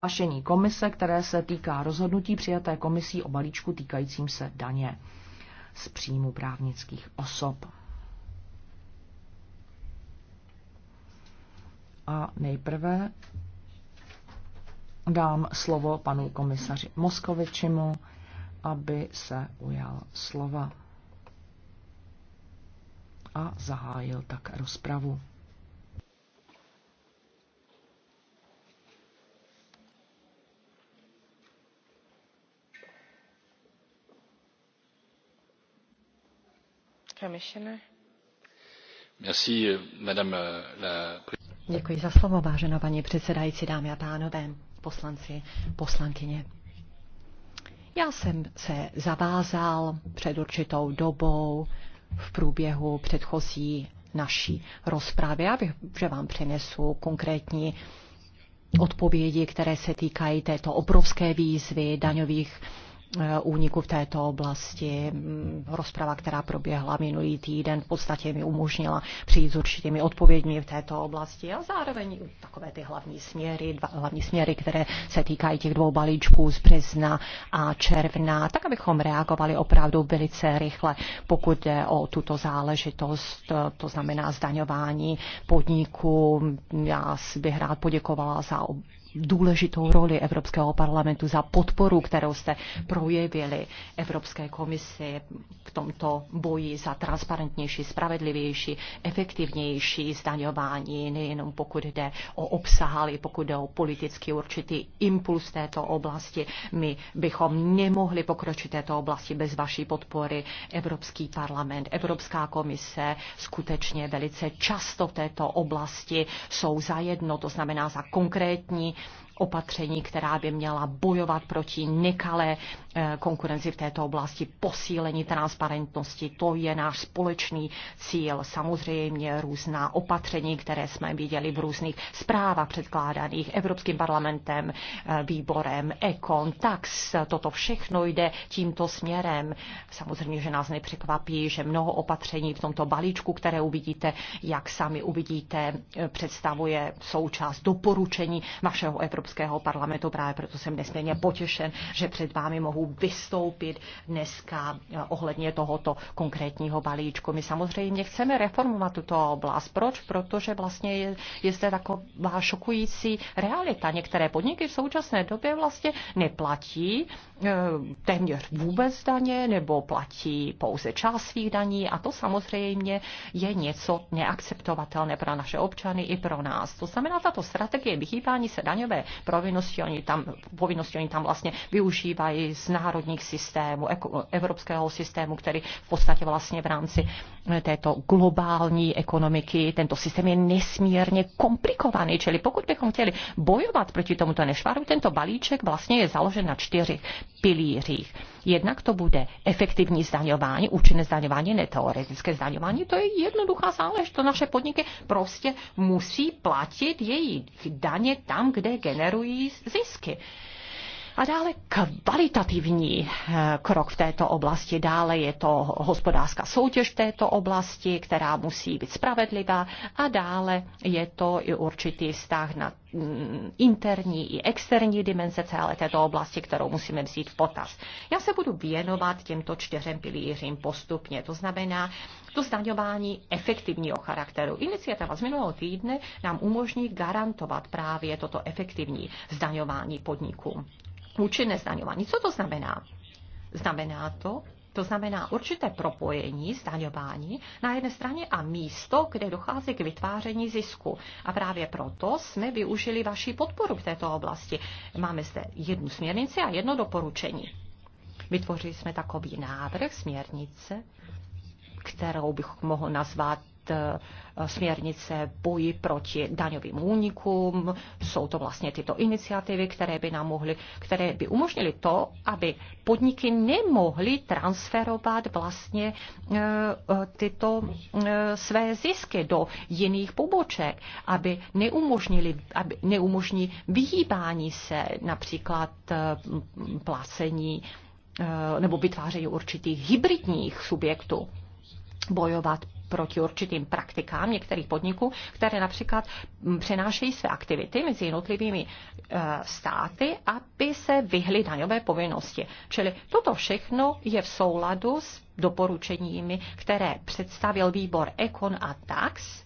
prohlášení komise, které se týká rozhodnutí přijaté komisí o balíčku týkajícím se daně z příjmu právnických osob. A nejprve dám slovo panu komisaři Moskovičimu, aby se ujal slova a zahájil tak rozpravu. Euh, euh, Děkuji za slovo, vážená paní předsedající, dámy a pánové, poslanci, poslankyně. Já jsem se zavázal před určitou dobou v průběhu předchozí naší rozpravy, abych, že vám přinesu konkrétní odpovědi, které se týkají této obrovské výzvy daňových Eh, úniku v této oblasti. Mm, rozprava, která proběhla minulý týden, v podstatě mi umožnila přijít s určitými odpověďmi v této oblasti a zároveň takové ty hlavní směry, dva, hlavní směry, které se týkají těch dvou balíčků z března a června, tak abychom reagovali opravdu velice rychle, pokud jde o tuto záležitost, to znamená zdaňování podniků. Já bych rád poděkovala za důležitou roli Evropského parlamentu, za podporu, kterou jste projevili Evropské komisi v tomto boji za transparentnější, spravedlivější, efektivnější zdaňování, nejenom pokud jde o obsah, ale i pokud jde o politicky určitý impuls této oblasti. My bychom nemohli pokročit této oblasti bez vaší podpory. Evropský parlament, Evropská komise skutečně velice často v této oblasti jsou zajedno, to znamená za konkrétní opatření, která by měla bojovat proti nekalé Eh, konkurenci v této oblasti, posílení transparentnosti, to je náš společný cíl. Samozřejmě různá opatření, které jsme viděli v různých zprávách předkládaných Evropským parlamentem, eh, výborem Econ, tak toto všechno jde tímto směrem. Samozřejmě, že nás nepřekvapí, že mnoho opatření v tomto balíčku, které uvidíte, jak sami uvidíte, eh, představuje součást doporučení vašeho Evropského parlamentu. Právě proto jsem nesmírně potěšen, že před vámi mohu úvahu vystoupit dneska eh, ohledně tohoto konkrétního balíčku. My samozřejmě chceme reformovat tuto oblast. Proč? Protože vlastně je, je zde taková šokující realita. Některé podniky v současné době vlastně neplatí eh, téměř vůbec daně nebo platí pouze část svých daní a to samozřejmě je něco neakceptovatelné pro naše občany i pro nás. To znamená, tato strategie vychýbání se daňové provinnosti, oni tam, povinnosti, oni tam vlastně využívají z národních systémů, evropského systému, který v podstatě vlastně v rámci eh, této globální ekonomiky, tento systém je nesmírně komplikovaný, čili pokud bychom chtěli bojovat proti tomuto nešvaru, tento balíček vlastně je založen na čtyřech pilířích. Jednak to bude efektivní zdaňování, účinné zdaňování, neteoretické zdaňování, to je jednoduchá záležitost. To naše podniky prostě musí platit jejich daně tam, kde generují zisky. A dále kvalitativní eh, krok v této oblasti. Dále je to hospodářská soutěž v této oblasti, která musí být spravedlivá. A dále je to i určitý vztah na mm, interní i externí dimenze celé této oblasti, kterou musíme vzít v potaz. Já se budu věnovat těmto čtyřem pilířím postupně. To znamená, to zdaňování efektivního charakteru. Iniciativa z minulého týdne nám umožní garantovat právě toto efektivní zdaňování podniků účinné zdaňování. Co to znamená? Znamená to, to znamená určité propojení zdaňování na jedné straně a místo, kde dochází k vytváření zisku. A právě proto jsme využili vaši podporu v této oblasti. Máme zde jednu směrnici a jedno doporučení. Vytvořili jsme takový návrh směrnice, kterou bych mohl nazvat E, směrnice boji proti daňovým únikům. Jsou to vlastně tyto iniciativy, které by nám mohly, které by umožnily to, aby podniky nemohly transferovat vlastně e, e, tyto své zisky do jiných poboček, aby neumožnili, aby neumožní vyhýbání se například placení nebo vytváření určitých hybridních subjektů bojovat proti určitým praktikám některých podniků, které například mm, přenášejí své aktivity mezi jednotlivými eh, státy, aby se vyhly daňové povinnosti. Čili toto všechno je v souladu s doporučeními, které představil výbor Econ a Tax.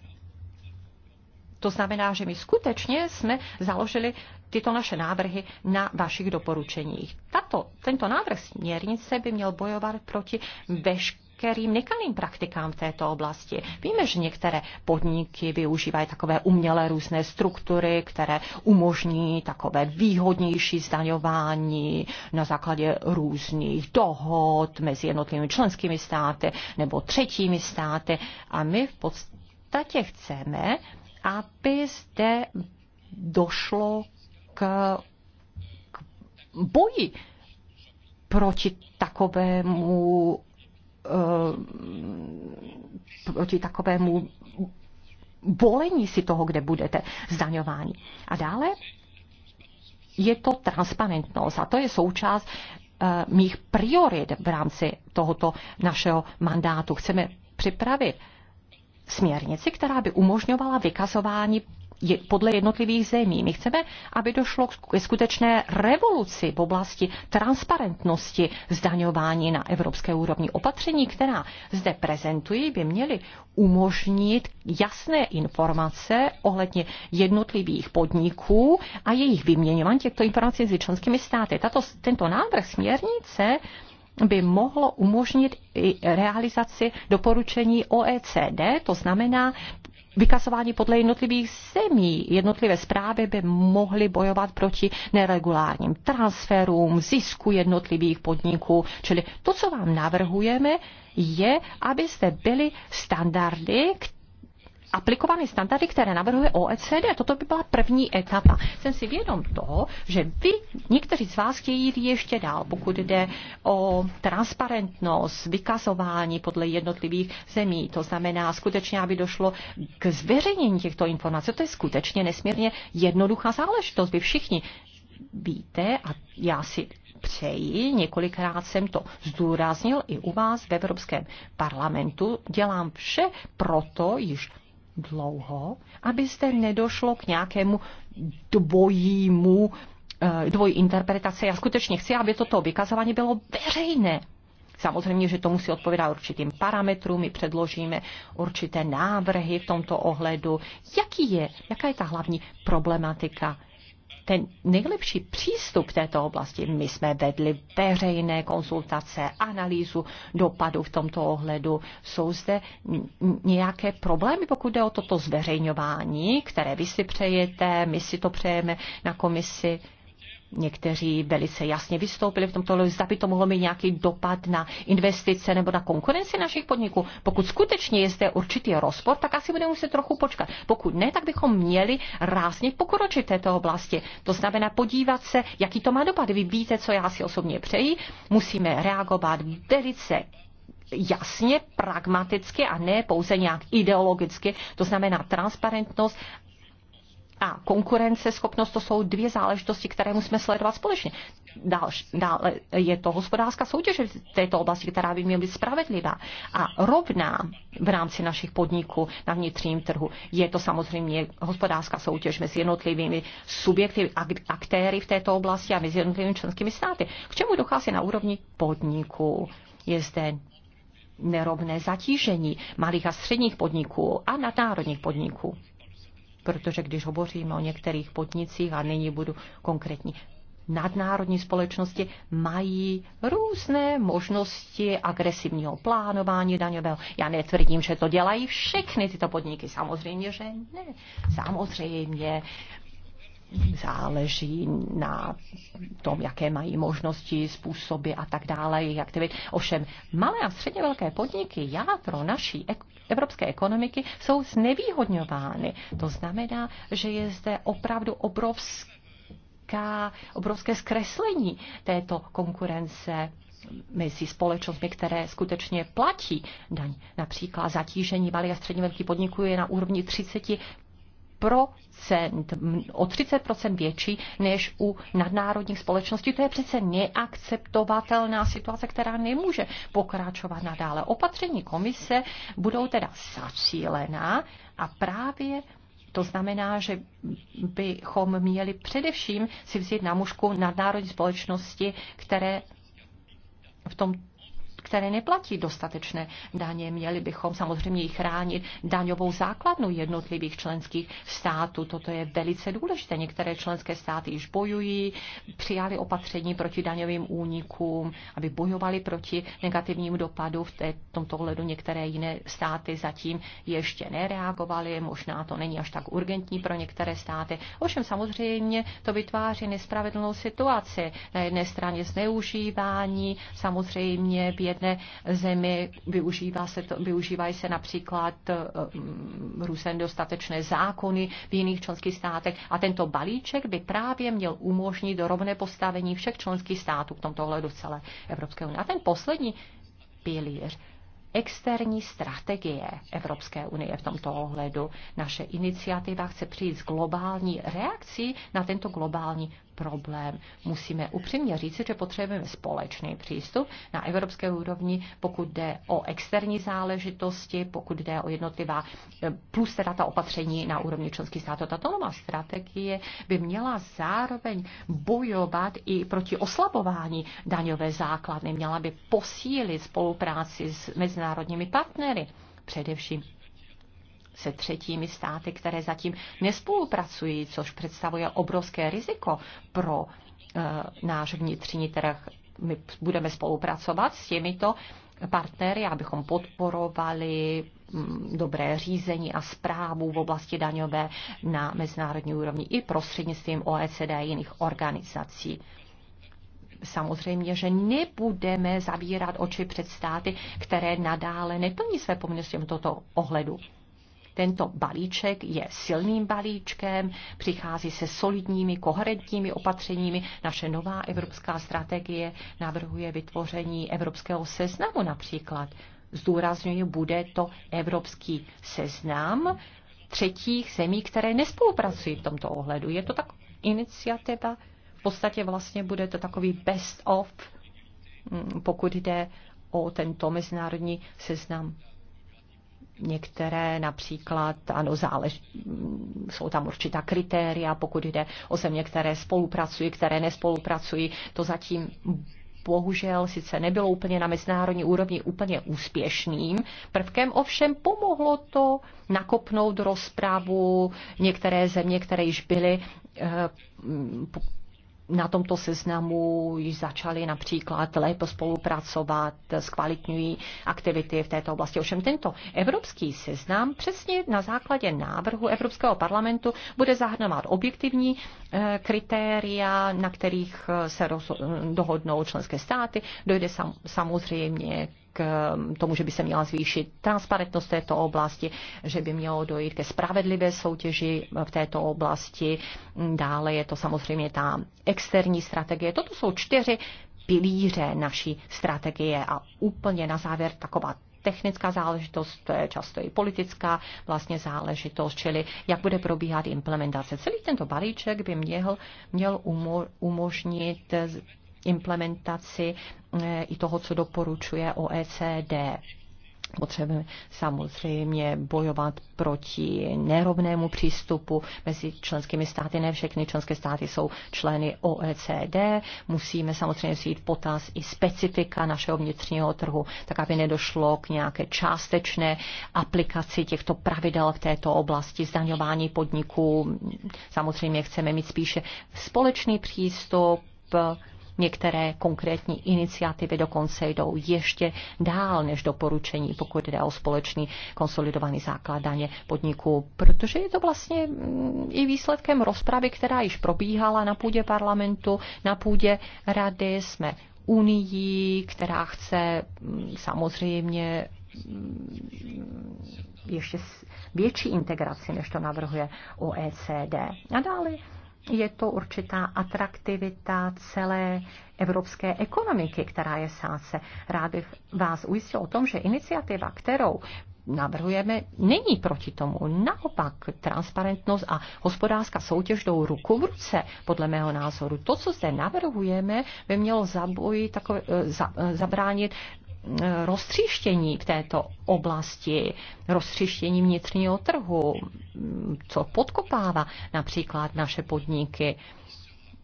To znamená, že my skutečně jsme založili tyto naše návrhy na vašich doporučeních. Tato, tento návrh směrnice by měl bojovat proti veškerým veškerým nekalým praktikám v této oblasti. Víme, že některé podniky využívají takové umělé různé struktury, které umožní takové výhodnější zdaňování na základě různých dohod mezi jednotlivými členskými státy nebo třetími státy. A my v podstatě chceme, aby zde došlo k, k boji proti takovému Eh, proti takovému bolení si toho, kde budete zdaňováni. A dále je to transparentnost a to je součást eh, mých priorit v rámci tohoto našeho mandátu. Chceme připravit směrnici, která by umožňovala vykazování podle jednotlivých zemí. My chceme, aby došlo k skutečné revoluci v oblasti transparentnosti zdaňování na evropské úrovni. Opatření, která zde prezentují. by měly umožnit jasné informace ohledně jednotlivých podniků a jejich vyměňování těchto informací s členskými státy. Tato, tento návrh směrnice by mohlo umožnit i realizaci doporučení OECD, to znamená vykazováni podle jednotlivých zemí. Jednotlivé zprávy by mohly bojovat proti neregulárním transferům, zisku jednotlivých podniků. Čili to, co vám navrhujeme, je, abyste byli standardy, které aplikovány standardy, které navrhuje OECD. Toto by byla první etapa. Jsem si vědom toho, že vy, někteří z vás chtějí jít ještě dál, pokud jde o transparentnost, vykazování podle jednotlivých zemí. To znamená skutečně, aby došlo k zveřejnění těchto informací. To je skutečně nesmírně jednoduchá záležitost. Vy všichni víte, a já si přeji, několikrát jsem to zdůraznil i u vás v Evropském parlamentu, dělám vše proto již dlouho, abyste nedošlo k nějakému dvojímu eh, dvojí interpretace. Já skutečně chci, aby toto vykazování bylo veřejné. Samozřejmě, že to musí odpovídat určitým parametrům, my předložíme určité návrhy v tomto ohledu. Jaký je, jaká je ta hlavní problematika ten nejlepší přístup v této oblasti. My jsme vedli veřejné konzultace, analýzu dopadu v tomto ohledu. Jsou zde nějaké problémy, pokud jde o toto zveřejňování, které vy si přejete, my si to přejeme na komisi někteří velice jasně vystoupili v tomto, zda by to mohlo mít nějaký dopad na investice nebo na konkurenci našich podniků. Pokud skutečně je zde určitý rozpor, tak asi budeme muset trochu počkat. Pokud ne, tak bychom měli rázně pokročit této oblasti. To znamená podívat se, jaký to má dopad. Vy víte, co já si osobně přeji. Musíme reagovat velice jasně, pragmaticky a ne pouze nějak ideologicky. To znamená transparentnost a konkurenceschopnost, to jsou dvě záležitosti, které musíme sledovat společně. Dál, dále je to hospodářská soutěž v této oblasti, která by měla být spravedlivá a rovná v rámci našich podniků na vnitřním trhu. Je to samozřejmě hospodářská soutěž mezi jednotlivými subjekty, aktéry v této oblasti a mezi jednotlivými členskými státy. K čemu dochází na úrovni podniků? Je zde nerovné zatížení malých a středních podniků a nadnárodních podniků protože když hovoříme o některých podnicích, a nyní budu konkrétní, nadnárodní společnosti mají různé možnosti agresivního plánování daňového. Já netvrdím, že to dělají všechny tyto podniky. Samozřejmě, že ne. Samozřejmě záleží na tom, jaké mají možnosti, způsoby a tak dále, jejich aktivit. Ovšem, malé a středně velké podniky, pro naší evropské ekonomiky, jsou znevýhodňovány. To znamená, že je zde opravdu obrovská, obrovské zkreslení této konkurence mezi společnostmi, které skutečně platí daň. Například zatížení malých a středně velkých podniků je na úrovni 30 o 30 větší než u nadnárodních společností. To je přece neakceptovatelná situace, která nemůže pokračovat nadále. Opatření komise budou teda zacílená a právě to znamená, že bychom měli především si vzít na mužku nadnárodní společnosti, které v tom které neplatí dostatečné daně. Měli bychom samozřejmě i chránit daňovou základnu jednotlivých členských států. Toto je velice důležité. Některé členské státy již bojují, přijali opatření proti daňovým únikům, aby bojovali proti negativním dopadu. V tomto ohledu některé jiné státy zatím ještě nereagovaly. Možná to není až tak urgentní pro některé státy. Ovšem samozřejmě to vytváří nespravedlnou situaci. Na jedné straně zneužívání, samozřejmě v jedné jedné zemi využívá se to, využívají se například eh, mm, různé dostatečné zákony v jiných členských státech a tento balíček by právě měl umožnit rovné postavení všech členských států v tomto ohledu v celé Evropské unie. A ten poslední pilíř externí strategie Evropské unie v tomto ohledu. Naše iniciativa chce přijít s globální reakcí na tento globální problém. Musíme upřímně říci, že potřebujeme společný přístup na evropské úrovni, pokud jde o externí záležitosti, pokud jde o jednotlivá, eh, plus teda ta opatření na úrovni členských států. Tato nová strategie by měla zároveň bojovat i proti oslabování daňové základny. Měla by posílit spolupráci s mezinárodními partnery, především se třetími státy, které zatím nespolupracují, což představuje obrovské riziko pro eh, náš vnitřní trh. My budeme spolupracovat s těmito partnery, abychom podporovali mm, dobré řízení a zprávu v oblasti daňové na mezinárodní úrovni i prostřednictvím OECD a jiných organizací. Samozřejmě, že nebudeme zavírat oči před státy, které nadále neplní své povinnosti v toto ohledu. Tento balíček je silným balíčkem, přichází se solidními, koherentními opatřeními. Naše nová evropská strategie navrhuje vytvoření evropského seznamu například. Zdůrazňuji, bude to evropský seznam třetích zemí, které nespolupracují v tomto ohledu. Je to tak iniciativa, v podstatě vlastně bude to takový best of, mm, pokud jde o tento mezinárodní seznam Některé například, ano, zálež, jsou tam určitá kritéria, pokud jde o země, které spolupracují, které nespolupracují. To zatím bohužel sice nebylo úplně na mezinárodní úrovni úplně úspěšným prvkem, ovšem pomohlo to nakopnout rozpravu některé země, které již byly eh, na tomto seznamu již začali například lépe spolupracovat, zkvalitňují aktivity v této oblasti. Ovšem tento evropský seznam přesně na základě návrhu Evropského parlamentu bude zahrnovat objektivní eh, kritéria, na kterých eh, se dohodnou členské státy. Dojde sam, samozřejmě k mm, tomu, že by se měla zvýšit transparentnost této oblasti, že by mělo dojít ke spravedlivé soutěži v této oblasti. Dále je to samozřejmě ta externí strategie. Toto jsou čtyři pilíře naší strategie a úplně na závěr taková technická záležitost, to je často i politická vlastně záležitost, čili jak bude probíhat implementace. Celý tento balíček by měl, měl umožnit implementaci eh, i toho, co doporučuje OECD. Potřebujeme samozřejmě bojovat proti nerovnému přístupu mezi členskými státy. Ne všechny členské státy jsou členy OECD. Musíme samozřejmě vzít potaz i specifika našeho vnitřního trhu, tak aby nedošlo k nějaké částečné aplikaci těchto pravidel v této oblasti zdaňování podniků. Samozřejmě chceme mít spíše společný přístup Některé konkrétní iniciativy dokonce jdou ještě dál než doporučení, pokud jde o společný konsolidovaný základ daně podniků, protože je to vlastně mm, i výsledkem rozpravy, která již probíhala na půdě parlamentu, na půdě rady. Jsme unii, která chce mm, samozřejmě mm, ještě větší integraci, než to navrhuje OECD. A dále je to určitá atraktivita celé evropské ekonomiky, která je sáce. Rád bych vás ujistil o tom, že iniciativa, kterou navrhujeme, není proti tomu. Naopak, transparentnost a hospodářská soutěž jdou ruku v ruce, podle mého názoru. To, co zde navrhujeme, by mělo zabojit, takové, eh, za, eh, zabránit roztříštění v této oblasti, roztříštění vnitřního trhu, co podkopává například naše podniky.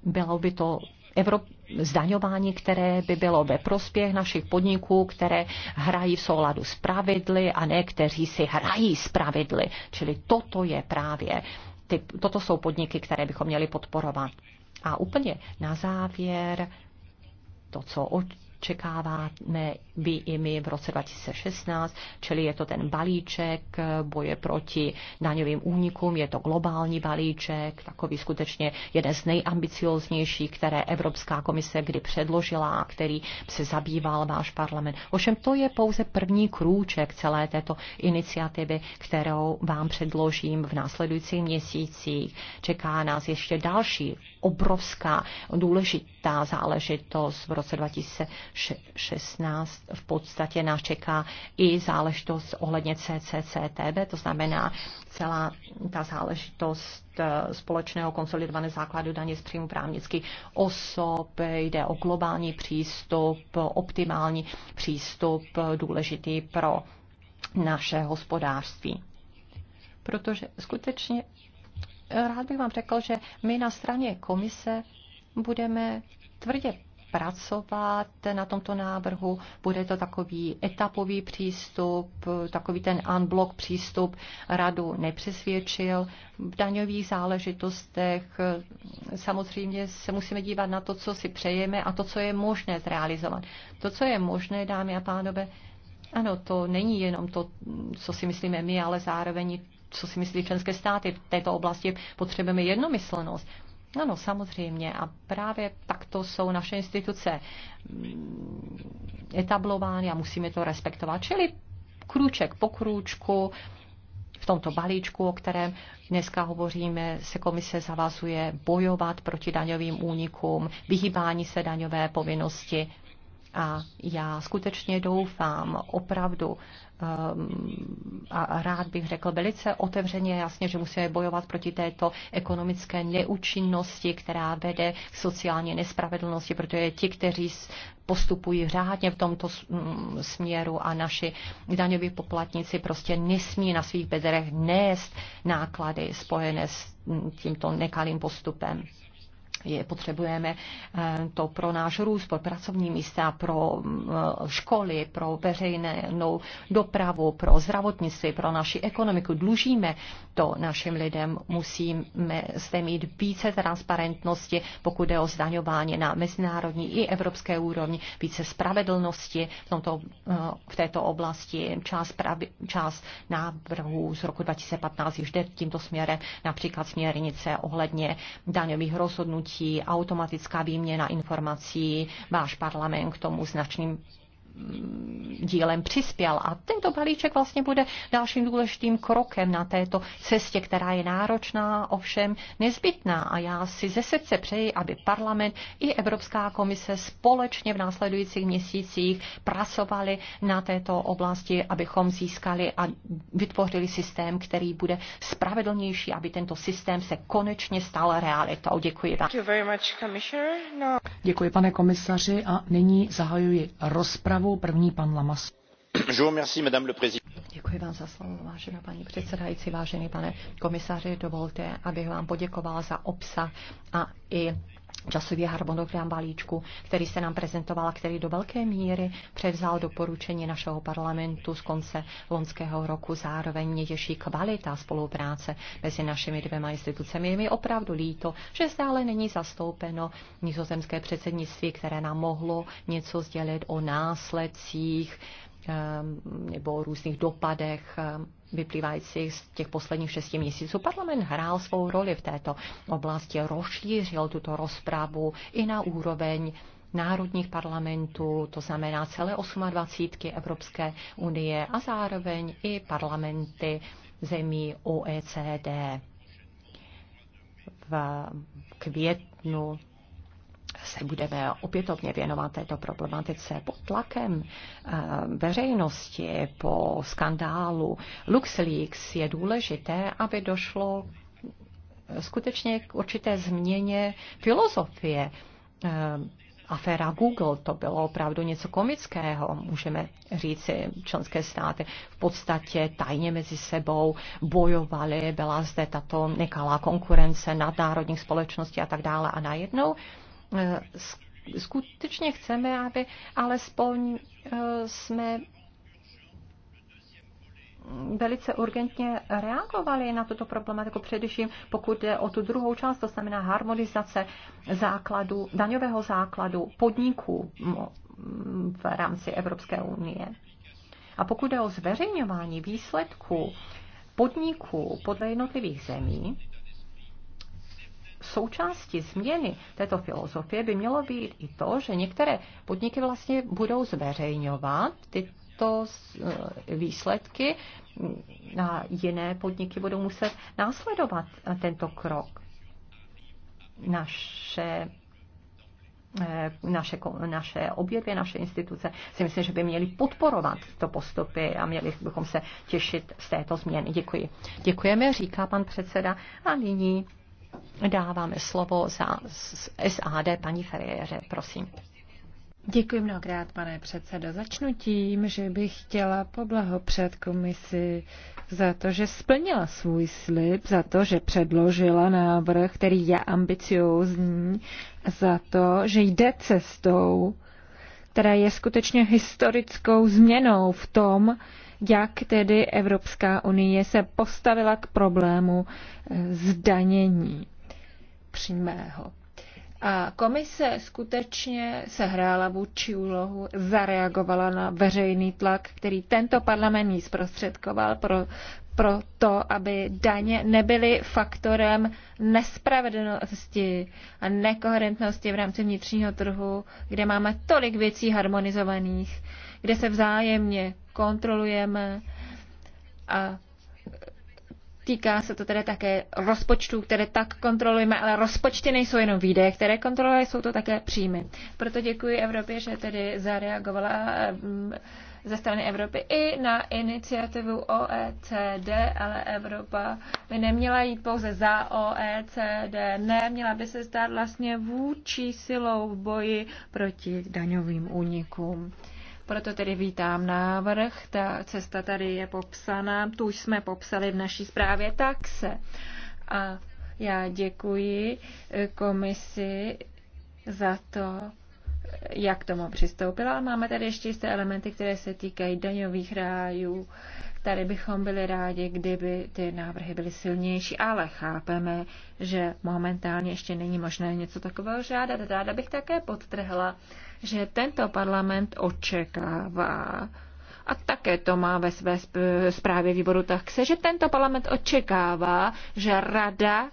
Bylo by to Evrop, zdaňování, které by bylo ve prospěch našich podniků, které hrají v souladu s pravidly a ne kteří si hrají s pravidly. Čili toto je právě, ty, toto jsou podniky, které bychom měli podporovat. A úplně na závěr to, co očekáváme, vy i my v roce 2016, čili je to ten balíček boje proti daňovým únikům, je to globální balíček, takový skutečně jeden z nejambicioznějších, které Evropská komise kdy předložila a který se zabýval váš parlament. Ovšem to je pouze první krůček celé této iniciativy, kterou vám předložím v následujících měsících. Čeká nás ještě další obrovská důležitá záležitost v roce 2016 v podstatě nás čeká i záležitost ohledně CCCTB, to znamená celá ta záležitost eh, společného konsolidovaného základu daně z příjmu právnických osob, jde o globální přístup, optimální přístup eh, důležitý pro naše hospodářství. Protože skutečně eh, rád bych vám řekl, že my na straně komise budeme tvrdě pracovat na tomto návrhu. Bude to takový etapový přístup, takový ten unblock přístup radu nepřesvědčil. V daňových záležitostech eh, samozřejmě se musíme dívat na to, co si přejeme a to, co je možné zrealizovat. To, co je možné, dámy a pánové, ano, to není jenom to, co si myslíme my, ale zároveň co si myslí členské státy. V této oblasti potřebujeme jednomyslnost. Ano, samozřejmě. A právě takto jsou naše instituce mm, etablovány a musíme to respektovat. Čili krůček po krůčku, v tomto balíčku, o kterém dneska hovoříme, se komise zavazuje bojovat proti daňovým únikům, vyhýbání se daňové povinnosti. A já skutečně doufám opravdu ehm, a rád bych řekl velice otevřeně jasně, že musíme bojovat proti této ekonomické neúčinnosti, která vede k sociální nespravedlnosti, protože ti, kteří postupují řádně v tomto mm, směru a naši daňoví poplatníci prostě nesmí na svých bedrech nést náklady spojené s mm, tímto nekalým postupem je potřebujeme eh, to pro náš růst, pro pracovní místa, pro eh, školy, pro veřejnou dopravu, pro zdravotnictví, pro naši ekonomiku. Dlužíme to našim lidem, musíme zde mít více transparentnosti, pokud jde o zdaňování na mezinárodní i evropské úrovni, více spravedlnosti v, tomto, eh, v této oblasti. Část, pravi, část návrhů z roku 2015 již jde tímto směrem, například směrnice ohledně daňových rozhodnutí rozhodnutí, automatická výměna informací. Váš parlament k tomu značným dílem přispěl. A tento balíček vlastně bude dalším důležitým krokem na této cestě, která je náročná, ovšem nezbytná. A já si ze srdce přeji, aby parlament i Evropská komise společně v následujících měsících pracovali na této oblasti, abychom získali a vytvořili systém, který bude spravedlnější, aby tento systém se konečně stal realitou. Děkuji vám. Děkuji, pane komisaři, a nyní zahajuji rozpravu slovo První pan Lamas. Děkuji vám za slovo, vážená paní předsedající, vážený pane komisaři. Dovolte, abych vám poděkoval za obsah a i časový harmonogram balíčku, který se nám prezentoval a který do velké míry převzal doporučení našeho parlamentu z konce lonského roku. Zároveň mě těší kvalita spolupráce mezi našimi dvěma institucemi. Je mi opravdu líto, že stále není zastoupeno nizozemské předsednictví, které nám mohlo něco sdělit o následcích eh, nebo o různých dopadech eh, vyplývajících z těch posledních šesti měsíců. Parlament hrál svou roli v této oblasti, rozšířil tuto rozpravu i na úroveň národních parlamentů, to znamená celé 28 Evropské unie a zároveň i parlamenty zemí OECD. V květnu se budeme opětovně věnovat této problematice pod tlakem eh, veřejnosti po skandálu LuxLeaks je důležité, aby došlo eh, skutečně k určité změně filozofie eh, aféra Google, to bylo opravdu něco komického, můžeme říci, členské státy v podstatě tajně mezi sebou bojovaly, byla zde tato nekalá konkurence nadnárodních společností a tak dále a najednou Eh, skutečně chceme, aby alespoň eh, jsme velice urgentně reagovali na tuto problematiku, především pokud jde o tu druhou část, to znamená harmonizace základu, daňového základu podniků v rámci Evropské unie. A pokud jde o zveřejňování výsledků podniků podle jednotlivých zemí, součástí změny této filozofie by mělo být i to, že některé podniky vlastně budou zveřejňovat tyto eh, výsledky a jiné podniky budou muset následovat eh, tento krok. Naše eh, naše, naše obě dvě naše instituce si myslím, že by měly podporovat to postupy a měli bychom se těšit z této změny. Děkuji. Děkujeme, říká pan předseda. A nyní dáváme slovo za SAD paní Ferriere, prosím. Děkuji mnohokrát, pane předsedo. Začnu tím, že bych chtěla poblahopřát komisi za to, že splnila svůj slib, za to, že předložila návrh, který je ambiciózní, za to, že jde cestou, která je skutečně historickou změnou v tom, jak tedy Evropská unie se postavila k problému eh, zdanění přímého. A komise skutečně sehrála vůči úlohu, zareagovala na veřejný tlak, který tento parlament jí zprostředkoval pro, pro to, aby daně nebyly faktorem nespravedlnosti a nekoherentnosti v rámci vnitřního trhu, kde máme tolik věcí harmonizovaných kde se vzájemně kontrolujeme a Týká se to tedy také rozpočtů, které tak kontrolujeme, ale rozpočty nejsou jenom výdaje, které kontroluje, jsou to také příjmy. Proto děkuji Evropě, že tedy zareagovala mm, ze strany Evropy i na iniciativu OECD, ale Evropa by neměla jít pouze za OECD, ne, měla by se stát vlastně vůči silou v boji proti daňovým únikům. Proto tedy vítám návrh. Ta cesta tady je popsaná. Tu už jsme popsali v naší zprávě taxe. A já děkuji eh, komisi za to, jak tomu přistoupila. Máme tady ještě jisté elementy, které se týkají daňových rájů. Tady bychom byli rádi, kdyby ty návrhy byly silnější, ale chápeme, že momentálně ještě není možné něco takového žádat. Ráda bych také podtrhla, že tento parlament očekává, a také to má ve své zprávě výboru tak se, že tento parlament očekává, že rada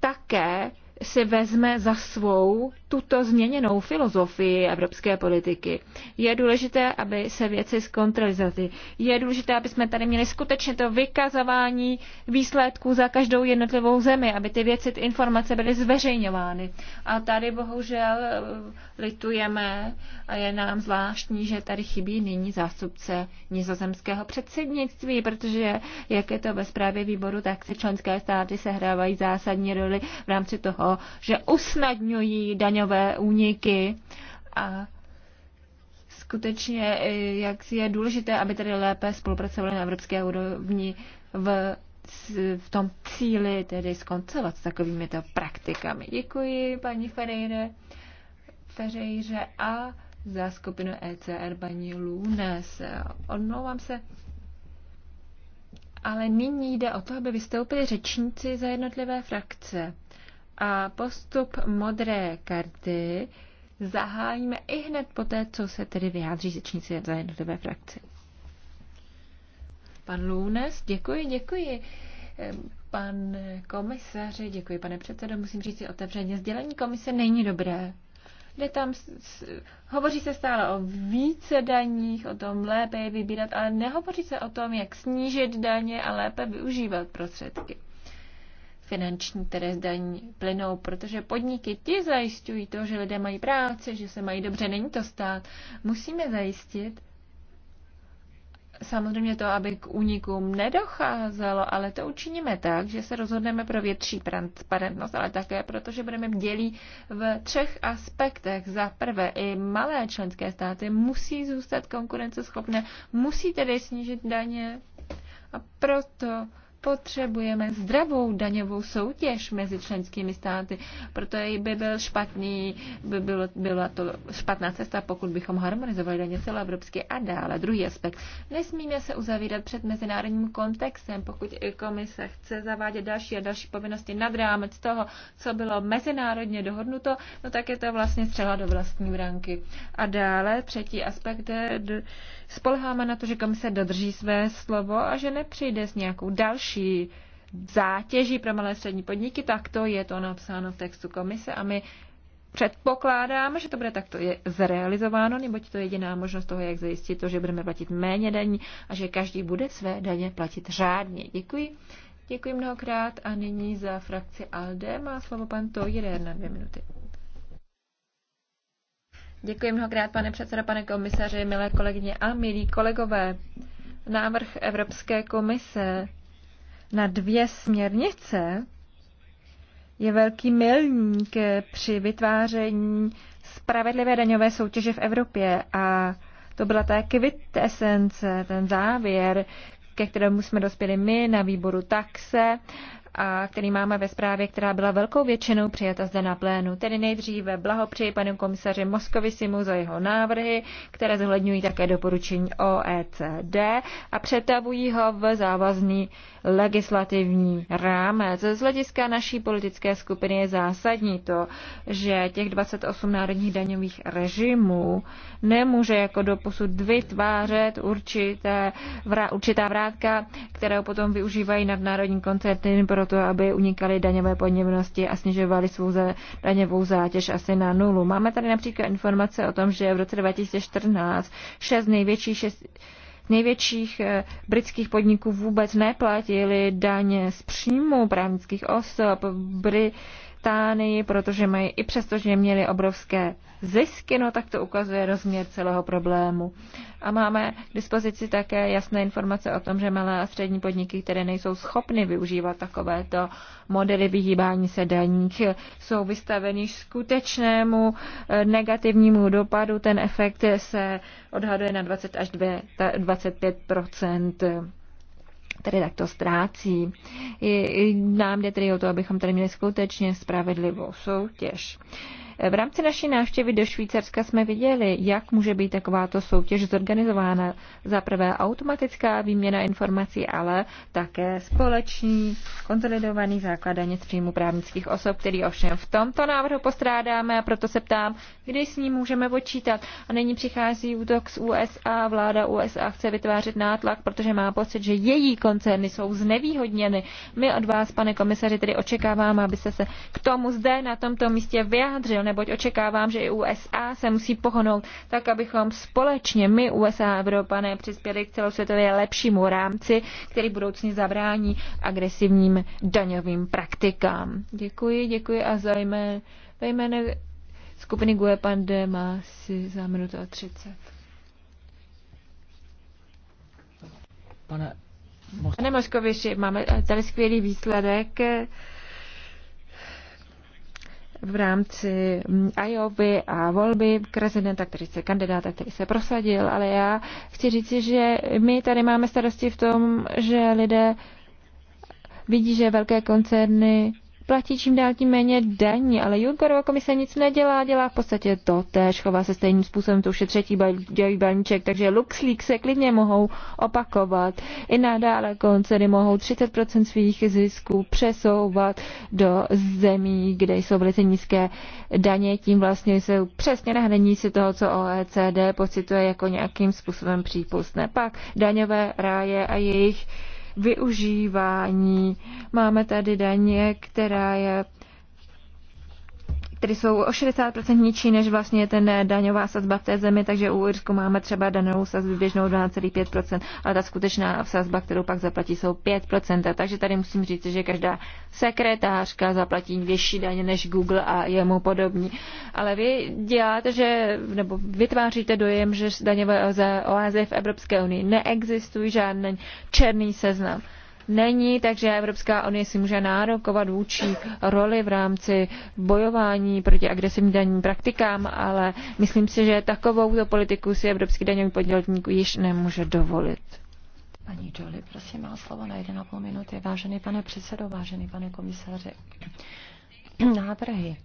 také si vezme za svou tuto změněnou filozofii evropské politiky. Je důležité, aby se věci zkontrolizovaly. Je důležité, aby jsme tady měli skutečně to vykazování výsledků za každou jednotlivou zemi, aby ty věci, ty informace byly zveřejňovány. A tady bohužel eh, litujeme a je nám zvláštní, že tady chybí nyní zástupce nizozemského předsednictví, protože jak je to ve zprávě výboru, tak se členské státy sehrávají zásadní roli v rámci toho, že usnadňují daňové úniky a skutečně eh, jak je důležité, aby tedy lépe spolupracovali na evropské úrovni v, v tom cíli, tedy skoncovat s takovými to praktikami. Děkuji paní Ferejre, Ferejře a za skupinu ECR paní Lunes. Odmlouvám se, ale nyní jde o to, aby vystoupili řečníci za jednotlivé frakce a postup modré karty zahájíme i hned té, co se tedy vyjádří řečníci za jednotlivé frakce. Pan Lunes, děkuji, děkuji. Pan komisaři, děkuji pane předsedo, musím říct si otevřeně, sdělení komise není dobré. Jde tam, hovoří se stále o více daních, o tom lépe je vybírat, ale nehovoří se o tom, jak snížit daně a lépe využívat prostředky finanční, které zdaní plynou, protože podniky ti zajišťují to, že lidé mají práci, že se mají dobře, není to stát. Musíme zajistit samozřejmě to, aby k únikům nedocházelo, ale to učiníme tak, že se rozhodneme pro větší transparentnost, ale také proto, že budeme dělí v třech aspektech. Za prvé, i malé členské státy musí zůstat konkurenceschopné, musí tedy snížit daně a proto potřebujeme zdravou daňovou soutěž mezi členskými státy. Proto by byl špatný, by bylo, byla to špatná cesta, pokud bychom harmonizovali daně celoevropsky a dále. Druhý aspekt. Nesmíme se uzavírat před mezinárodním kontextem, pokud komise chce zavádět další a další povinnosti nad rámec toho, co bylo mezinárodně dohodnuto, no tak je to vlastně střela do vlastní branky. A dále třetí aspekt, eh, Spoleháme na to, že komise dodrží své slovo a že nepřijde s nějakou další zátěží pro malé střední podniky, tak to je to napsáno v textu komise a my předpokládáme, že to bude takto je zrealizováno, neboť to je jediná možnost toho, jak zajistit to, že budeme platit méně daní a že každý bude své daně platit řádně. Děkuji. Děkuji mnohokrát a nyní za frakci ALDE má slovo pan Tojire na dvě minuty. Děkuji mnohokrát, pane předsedo, pane komisaři, milé kolegyně a milí kolegové. Návrh Evropské komise na dvě směrnice je velký milník při vytváření spravedlivé daňové soutěže v Evropě a to byla ta kvitesence, ten závěr, ke kterému jsme dospěli my na výboru taxe a který máme ve zprávě, která byla velkou většinou přijata zde na plénu. Tedy nejdříve blahopřeji panu komisaři Moskovisimu za jeho návrhy, které zohledňují také doporučení OECD a přetavují ho v závazný legislativní rámec. Z hlediska naší politické skupiny je zásadní to, že těch 28 národních daňových režimů nemůže jako doposud vytvářet určité, určitá vrátka, kterou potom využívají nadnárodní koncerny pro proto, aby unikali daňové podněvnosti a snižovali svou daňovou zátěž asi na nulu. Máme tady například informace o tom, že v roce 2014 šest největších šest největších eh, britských podniků vůbec neplatili daně z příjmu právnických osob. Bry, Británii, protože mají i přesto, že měli obrovské zisky, no tak to ukazuje rozměr celého problému. A máme k dispozici také jasné informace o tom, že malé a střední podniky, které nejsou schopny využívat takovéto modely vyhýbání se daních, jsou vystaveny skutečnému eh, negativnímu dopadu. Ten efekt se odhaduje na 20 až 25 tedy takto ztrácí. Nám jde tedy o to, abychom tady měli skutečně spravedlivou soutěž. V rámci naší návštěvy do Švýcarska jsme viděli, jak může být takováto soutěž zorganizována. Za prvé automatická výměna informací, ale také společný konsolidovaný základ daně z příjmu právnických osob, který ovšem v tomto návrhu postrádáme a proto se ptám, kdy s ním můžeme počítat. A nyní přichází útok z USA, vláda USA chce vytvářet nátlak, protože má pocit, že její koncerny jsou znevýhodněny. My od vás, pane komisaři, tedy očekáváme, abyste se k tomu zde na tomto místě vyjádřil cíl, neboť očekávám, že i USA se musí pohnout tak, abychom společně my, USA a Evropané, přispěli k celosvětově lepšímu rámci, který budoucně zabrání agresivním daňovým praktikám. Děkuji, děkuji a zajme ve jméne skupiny GUE Pande má si za minutu a třicet. Pane Pane Moskoviši, máme tady skvělý výsledek v rámci mm, Ajovy a volby prezidenta, který se kandidáta, který se prosadil, ale já chci říci, že my tady máme starosti v tom, že lidé vidí, že velké koncerny platí čím dál tím méně daní, ale Junckerova komise nic nedělá, dělá v podstatě to též, chová se stejným způsobem, to už je třetí dělý balíček, takže LuxLeaks se klidně mohou opakovat. I nadále koncerny mohou 30% svých zisků přesouvat do zemí, kde jsou velice nízké daně, tím vlastně jsou přesně na hranici toho, co OECD pocituje jako nějakým způsobem přípustné. Pak daňové ráje a jejich využívání. Máme tady daně, která je které jsou o 60% nižší, než vlastně ten eh, daňová sazba v té zemi, takže u Irsku máme třeba danou sazbu běžnou 12,5%, ale ta skutečná sazba, kterou pak zaplatí, jsou 5%. Takže tady musím říct, že každá sekretářka zaplatí větší daně než Google a jemu podobní. Ale vy děláte, že, nebo vytváříte dojem, že daňové eh, oázy v Evropské unii neexistují, žádný černý seznam není, takže Evropská unie si může nárokovat vůči roli v rámci bojování proti agresivním daním praktikám, ale myslím si, že takovou politiku si Evropský daňový podělník již nemůže dovolit. Paní Jolie, prosím, má slovo na 1,5 minuty. Vážený pane předsedo, vážený pane komisaři, návrhy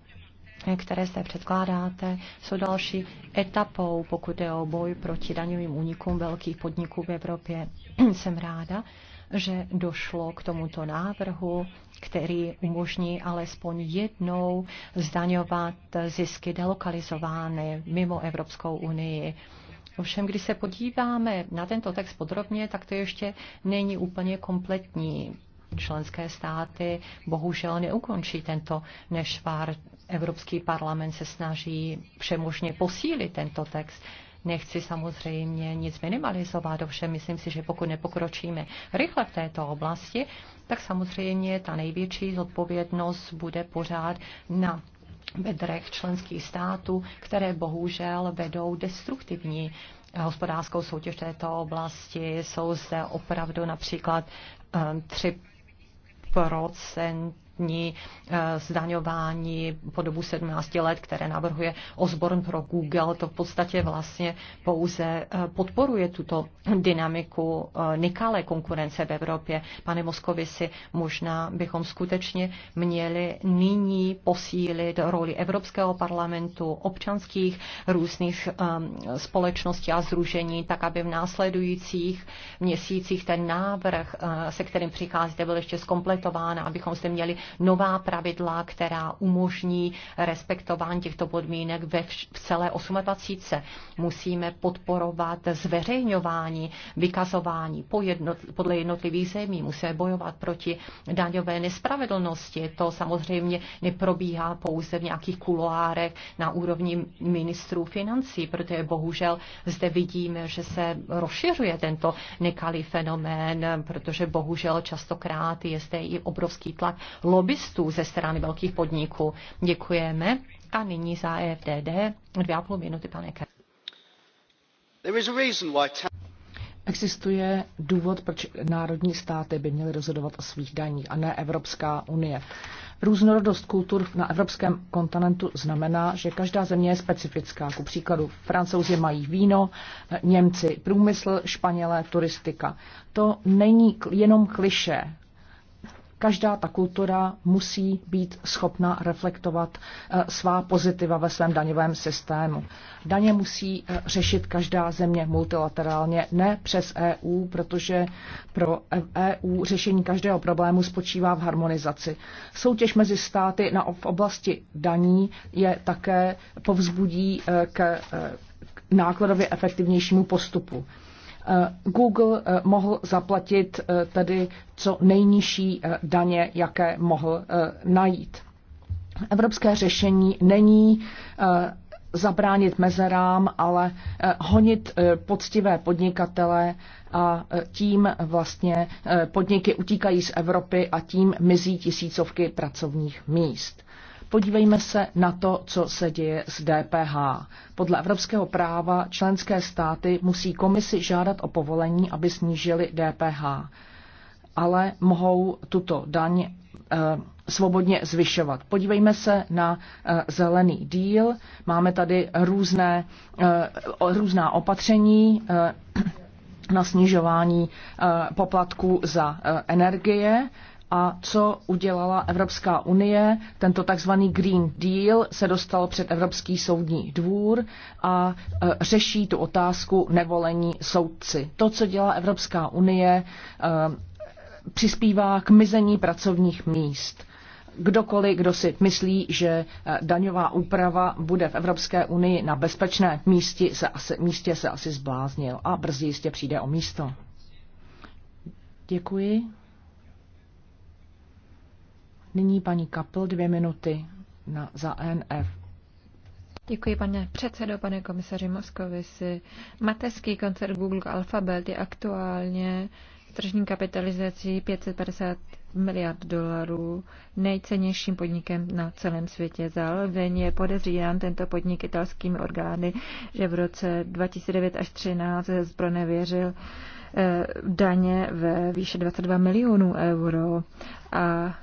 které zde předkládáte, jsou další etapou, pokud je o boj proti daňovým únikům velkých podniků v Evropě. Jsem ráda, že došlo k tomuto návrhu, který umožní alespoň jednou zdaňovat zisky delokalizovány mimo Evropskou unii. Ovšem, když se podíváme na tento text podrobně, tak to ještě není úplně kompletní. Členské státy bohužel neukončí tento nešvár. Evropský parlament se snaží přemožně posílit tento text. Nechci samozřejmě nic minimalizovat, ovšem myslím si, že pokud nepokročíme rychle v této oblasti, tak samozřejmě ta největší zodpovědnost bude pořád na bedrech členských států, které bohužel vedou destruktivní eh, hospodářskou soutěž v této oblasti. Jsou zde opravdu například 3 eh, procent konkrétní eh, zdaňování po dobu 17 let, které navrhuje Osborne pro Google, to v podstatě vlastně pouze eh, podporuje tuto dynamiku eh, nekalé konkurence v Evropě. Pane Moskovici, možná bychom skutečně měli nyní posílit roli Evropského parlamentu, občanských různých společností a združení, tak aby v následujících měsících ten návrh, se kterým přicházíte, byl ještě zkompletován, abychom se měli nová pravidla, která umožní respektování těchto podmínek ve vš- v celé 28. Musíme podporovat zveřejňování, vykazování po jednot- podle jednotlivých zemí. Musíme bojovat proti daňové nespravedlnosti. To samozřejmě neprobíhá pouze v nějakých kuloárech na úrovni ministrů financí, protože bohužel zde vidíme, že se rozšiřuje tento nekalý fenomén, protože bohužel častokrát je zde i obrovský tlak lobbystů ze strany velkých podniků. Děkujeme. A nyní za EFDD dvě a půl minuty, pane Kerr. Existuje důvod, proč národní státy by měly rozhodovat o svých daních a ne Evropská unie. Různorodost kultur na evropském kontinentu znamená, že každá země je specifická. Ku příkladu, francouzi mají víno, Němci průmysl, Španělé turistika. To není jenom kliše, Každá ta kultura musí být schopna reflektovat eh, svá pozitiva ve svém daňovém systému. Daně musí eh, řešit každá země multilaterálně, ne přes EU, protože pro EU řešení každého problému spočívá v harmonizaci. Soutěž mezi státy na, v oblasti daní je také povzbudí eh, k nákladově efektivnějšímu postupu. Eh, Google eh, mohl zaplatit eh, tedy co nejnižší daně, jaké mohl najít. Evropské řešení není zabránit mezerám, ale honit poctivé podnikatele a tím vlastně podniky utíkají z Evropy a tím mizí tisícovky pracovních míst. Podívejme se na to, co se děje s DPH. Podle evropského práva členské státy musí komisi žádat o povolení, aby snížili DPH, ale mohou tuto daň eh, svobodně zvyšovat. Podívejme se na eh, zelený díl. Máme tady různé, eh, různá opatření na snižování poplatků za energie a co udělala Evropská unie. Tento takzvaný Green Deal se dostal před Evropský soudní dvůr a e, řeší tu otázku nevolení soudci. To, co dělá Evropská unie, e, přispívá k mizení pracovních míst kdokoliv, kdo si myslí, že e, daňová úprava bude v Evropské unii na bezpečné místě, se asi, místě se asi zbláznil a brzy jistě přijde o místo. Děkuji. Nyní paní Kapl dvě minuty na, za NF. Děkuji, pane předsedo, pane komisaři Moskovisi. Mateřský koncert Google Alphabet je aktuálně tržní kapitalizací 550 miliard dolarů nejcennějším podnikem na celém světě. Zároveň je podezříván tento podnik italskými orgány, že v roce 2009 až 2013 zpronevěřil eh, daně ve výše 22 milionů euro a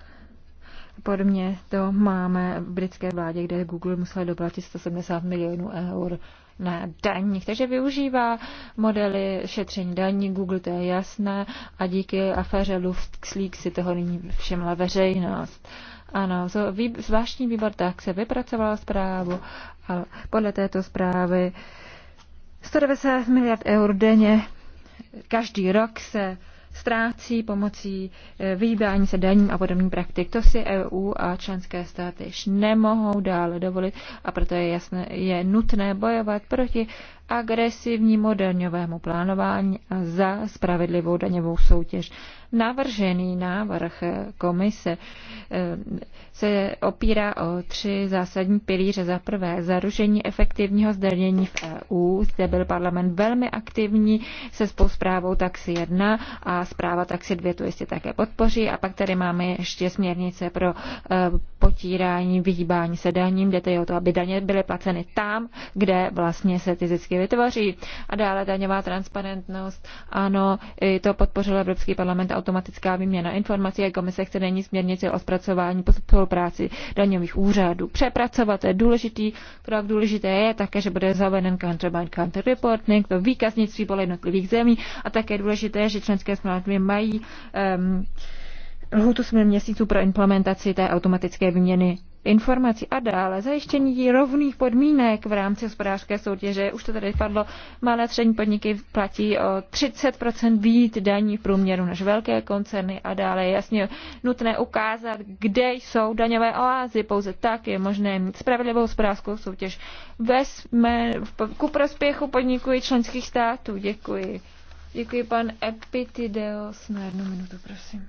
Podobně to máme v britské vládě, kde Google musel doplatit 170 milionů eur na daních. Takže využívá modely šetření daní, Google to je jasné a díky aféře LuftLeaks si toho nyní všimla veřejnost. Ano, zvláštní výbor tak se vypracoval zprávu, a podle této zprávy 190 miliard eur denně každý rok se ztrácí pomocí eh, vyhýbání se daním a podobných praktik. To si EU a členské státy již nemohou dále dovolit a proto je, jasné, je nutné bojovat proti agresivnímu daňovému plánování a za spravedlivou daňovou soutěž. Navržený návrh komise eh, se opírá o tři zásadní pilíře. Za prvé, zaružení efektivního zdanění v EU. Zde byl parlament velmi aktivní se spousprávou taxi 1 a zpráva taxi 2 to jistě také podpoří. A pak tady máme ještě směrnice pro eh, potírání, vyhýbání se daním, jde tedy o to, aby daně byly placeny tam, kde vlastně se ty zisky vytvoří. A dále daňová transparentnost. Ano, to podpořil Evropský parlament automatická výměna informací a komise chce denní směrnici o zpracování po spolupráci daňových úřadů. Přepracovat je důležitý krok. Důležité je také, že bude zaveden country by country reporting, to výkaznictví podle jednotlivých zemí a také důležité, že členské státy mají um, lhutu 7 měsíců pro implementaci té automatické výměny informací a dále zajištění rovných podmínek v rámci hospodářské soutěže. Už to tady padlo, malé střední podniky platí o 30% víc daní v průměru než velké koncerny a dále je jasně nutné ukázat, kde jsou daňové oázy. Pouze tak je možné mít spravedlivou hospodářskou soutěž ve jsme, ku prospěchu podniků i členských států. Děkuji. Děkuji pan Epitideos na jednu minutu, prosím.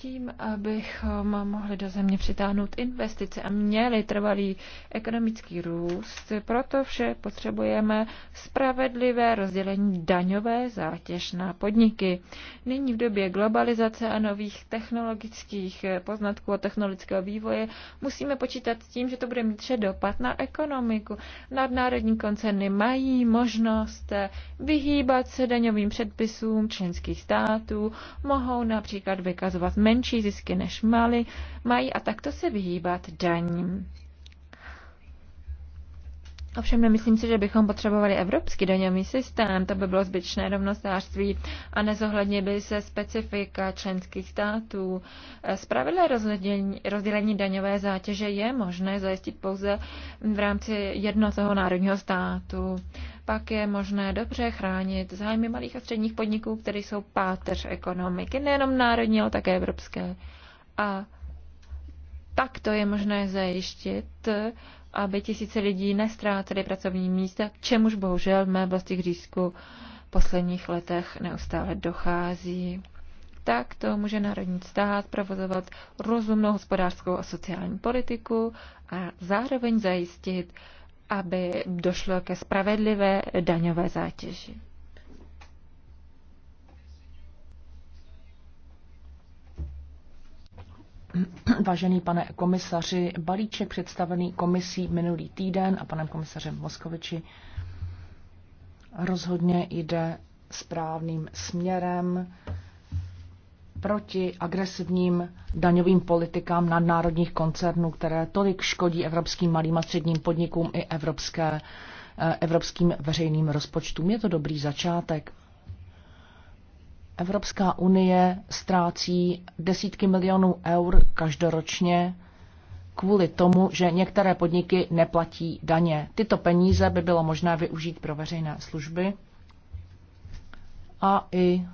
tím, abychom mohli do země přitáhnout investice a měli trvalý ekonomický růst. Proto vše potřebujeme spravedlivé rozdělení daňové zátěž na podniky. Nyní v době globalizace a nových technologických poznatků a technologického vývoje musíme počítat s tím, že to bude mít vše dopad na ekonomiku. Nadnárodní koncerny mají možnost vyhýbat se daňovým předpisům členských států, mohou například vykazovat menší zisky než mali, mají a takto se vyhýbat daním. Ovšem nemyslím si, že bychom potřebovali evropský daňový systém, to by bylo zbytečné rovnostářství a by se specifika členských států. Spravedlivé rozdělení, rozdělení daňové zátěže je možné zajistit pouze v rámci jednoho národního státu pak je možné dobře chránit zájmy malých a středních podniků, které jsou páteř ekonomiky, nejenom národní, ale také evropské. A tak to je možné zajištit, aby tisíce lidí nestráceli pracovní místa, k čemuž bohužel v mé vlasti Gřísku v posledních letech neustále dochází. Tak to může národní stát provozovat rozumnou hospodářskou a sociální politiku a zároveň zajistit aby došlo ke spravedlivé daňové zátěži. Vážený pane komisaři, balíček představený komisí minulý týden a panem komisařem Moskoviči rozhodně jde správným směrem proti agresivním daňovým politikám nadnárodních koncernů, které tolik škodí evropským malým a středním podnikům i evropské, eh, evropským veřejným rozpočtům. Je to dobrý začátek. Evropská unie ztrácí desítky milionů eur každoročně kvůli tomu, že některé podniky neplatí daně. Tyto peníze by bylo možné využít pro veřejné služby a i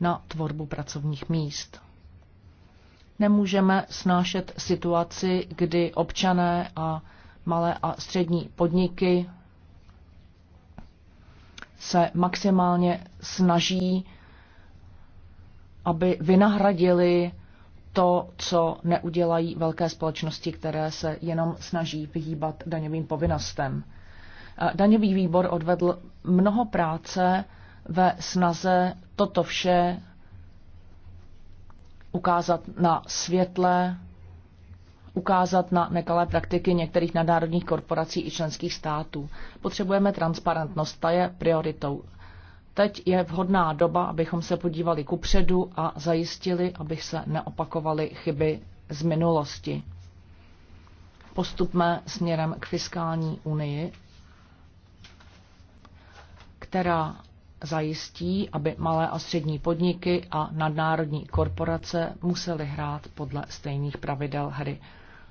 na tvorbu pracovních míst. Nemůžeme snášet situaci, kdy občané a malé a střední podniky se maximálně snaží, aby vynahradili to, co neudělají velké společnosti, které se jenom snaží vyhýbat daňovým povinnostem. Daňový výbor odvedl mnoho práce ve snaze toto vše ukázat na světle, ukázat na nekalé praktiky některých nadnárodních korporací i členských států. Potřebujeme transparentnost, ta je prioritou. Teď je vhodná doba, abychom se podívali kupředu a zajistili, aby se neopakovaly chyby z minulosti. Postupme směrem k fiskální unii, která zajistí, aby malé a střední podniky a nadnárodní korporace musely hrát podle stejných pravidel hry.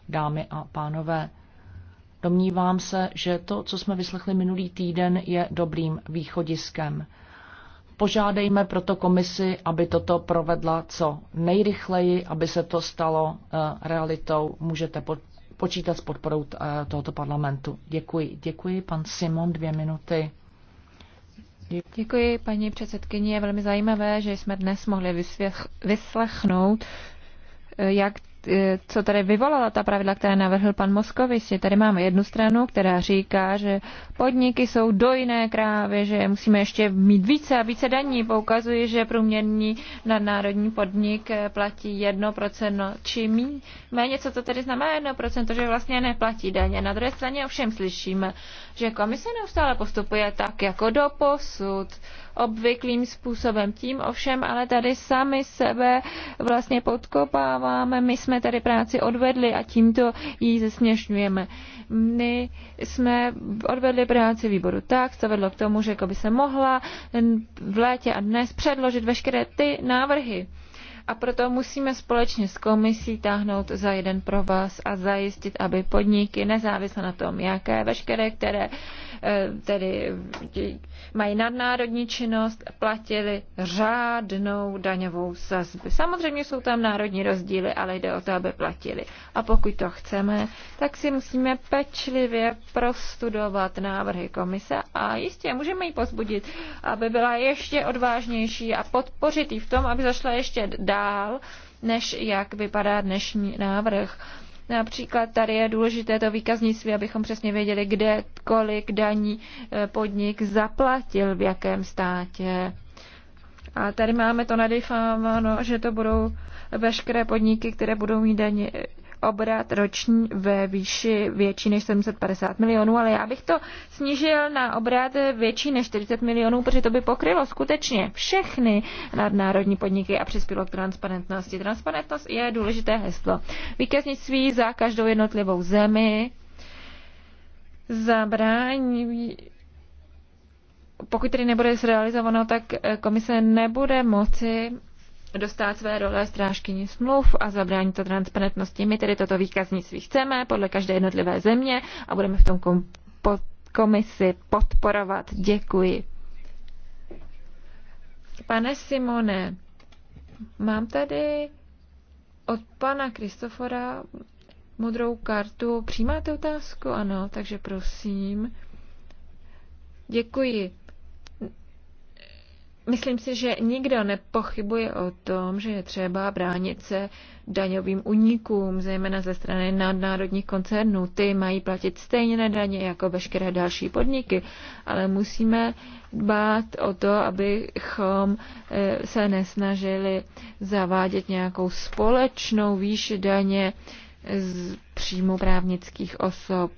Dámy a pánové, domnívám se, že to, co jsme vyslechli minulý týden, je dobrým východiskem. Požádejme proto komisi, aby toto provedla co nejrychleji, aby se to stalo eh, realitou. Můžete počítat s podporou eh, tohoto parlamentu. Děkuji. Děkuji, pan Simon, dvě minuty. Děkuji, paní předsedkyně. Je velmi zajímavé, že jsme dnes mohli vyslechnout, eh, jak Eh, co tady vyvolala ta pravidla, které navrhl pan Moskovič, Tady máme jednu stranu, která říká, že podniky jsou dojné krávy, že musíme ještě mít více a více daní. Poukazuje, že průměrný nadnárodní podnik eh, platí 1% či mí. méně. Co to tedy znamená 1%, že vlastně neplatí daně. Na druhé straně ovšem slyšíme, že komise neustále postupuje tak jako do posud obvyklým způsobem. Tím ovšem ale tady sami sebe vlastně podkopáváme. My jsme jsme tady práci odvedli a tímto ji zesměšňujeme. My jsme odvedli práci výboru tak, co vedlo k tomu, že by se mohla v létě a dnes předložit veškeré ty návrhy a proto musíme společně s komisí táhnout za jeden pro vás a zajistit, aby podniky, nezávisle na tom, jaké veškeré, které Eh, tedy mají nadnárodní činnost, platili řádnou daňovou sazbu. Samozřejmě jsou tam národní rozdíly, ale jde o to, aby platili. A pokud to chceme, tak si musíme pečlivě prostudovat návrhy komise a jistě můžeme ji pozbudit, aby byla ještě odvážnější a podpořit ji v tom, aby zašla ještě dál, než jak vypadá dnešní návrh Například tady je důležité to výkaznictví, abychom přesně věděli, kde, kolik daní eh, podnik zaplatil, v jakém státě. A tady máme to nadefáno, že to budou veškeré podniky, které budou mít daně, eh, obrat roční ve výši větší než 750 milionů, ale já bych to snížil na obrat větší než 40 milionů, protože to by pokrylo skutečně všechny nadnárodní podniky a přispělo k transparentnosti. Transparentnost je důležité heslo. Výkaznictví za každou jednotlivou zemi zabrání pokud tedy nebude zrealizováno, tak eh, komise nebude moci dostat své role strážkyní smluv a zabránit to transparentnosti. My tedy toto výkaznictví chceme podle každé jednotlivé země a budeme v tom kom- po- komisi podporovat. Děkuji. Pane Simone, mám tady od pana Kristofora modrou kartu. Přijímáte otázku? Ano, takže prosím. Děkuji. Myslím si, že nikdo nepochybuje o tom, že je třeba bránit se daňovým unikům, zejména ze strany nadnárodních koncernů. Ty mají platit na daně jako veškeré další podniky, ale musíme dbát o to, abychom eh, se nesnažili zavádět nějakou společnou výši daně z příjmu právnických osob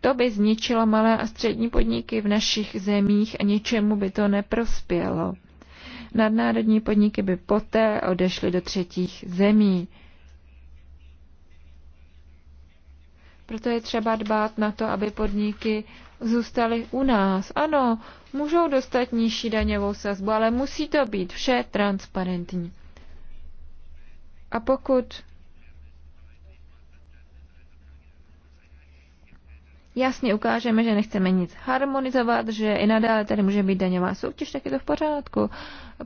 to by zničilo malé a střední podniky v našich zemích a ničemu by to neprospělo. Nadnárodní podniky by poté odešly do třetích zemí. Proto je třeba dbát na to, aby podniky zůstaly u nás. Ano, můžou dostat nižší daňovou sazbu, ale musí to být vše transparentní. A pokud jasně ukážeme, že nechceme nic harmonizovat, že i nadále tady může být daňová soutěž, tak je to v pořádku.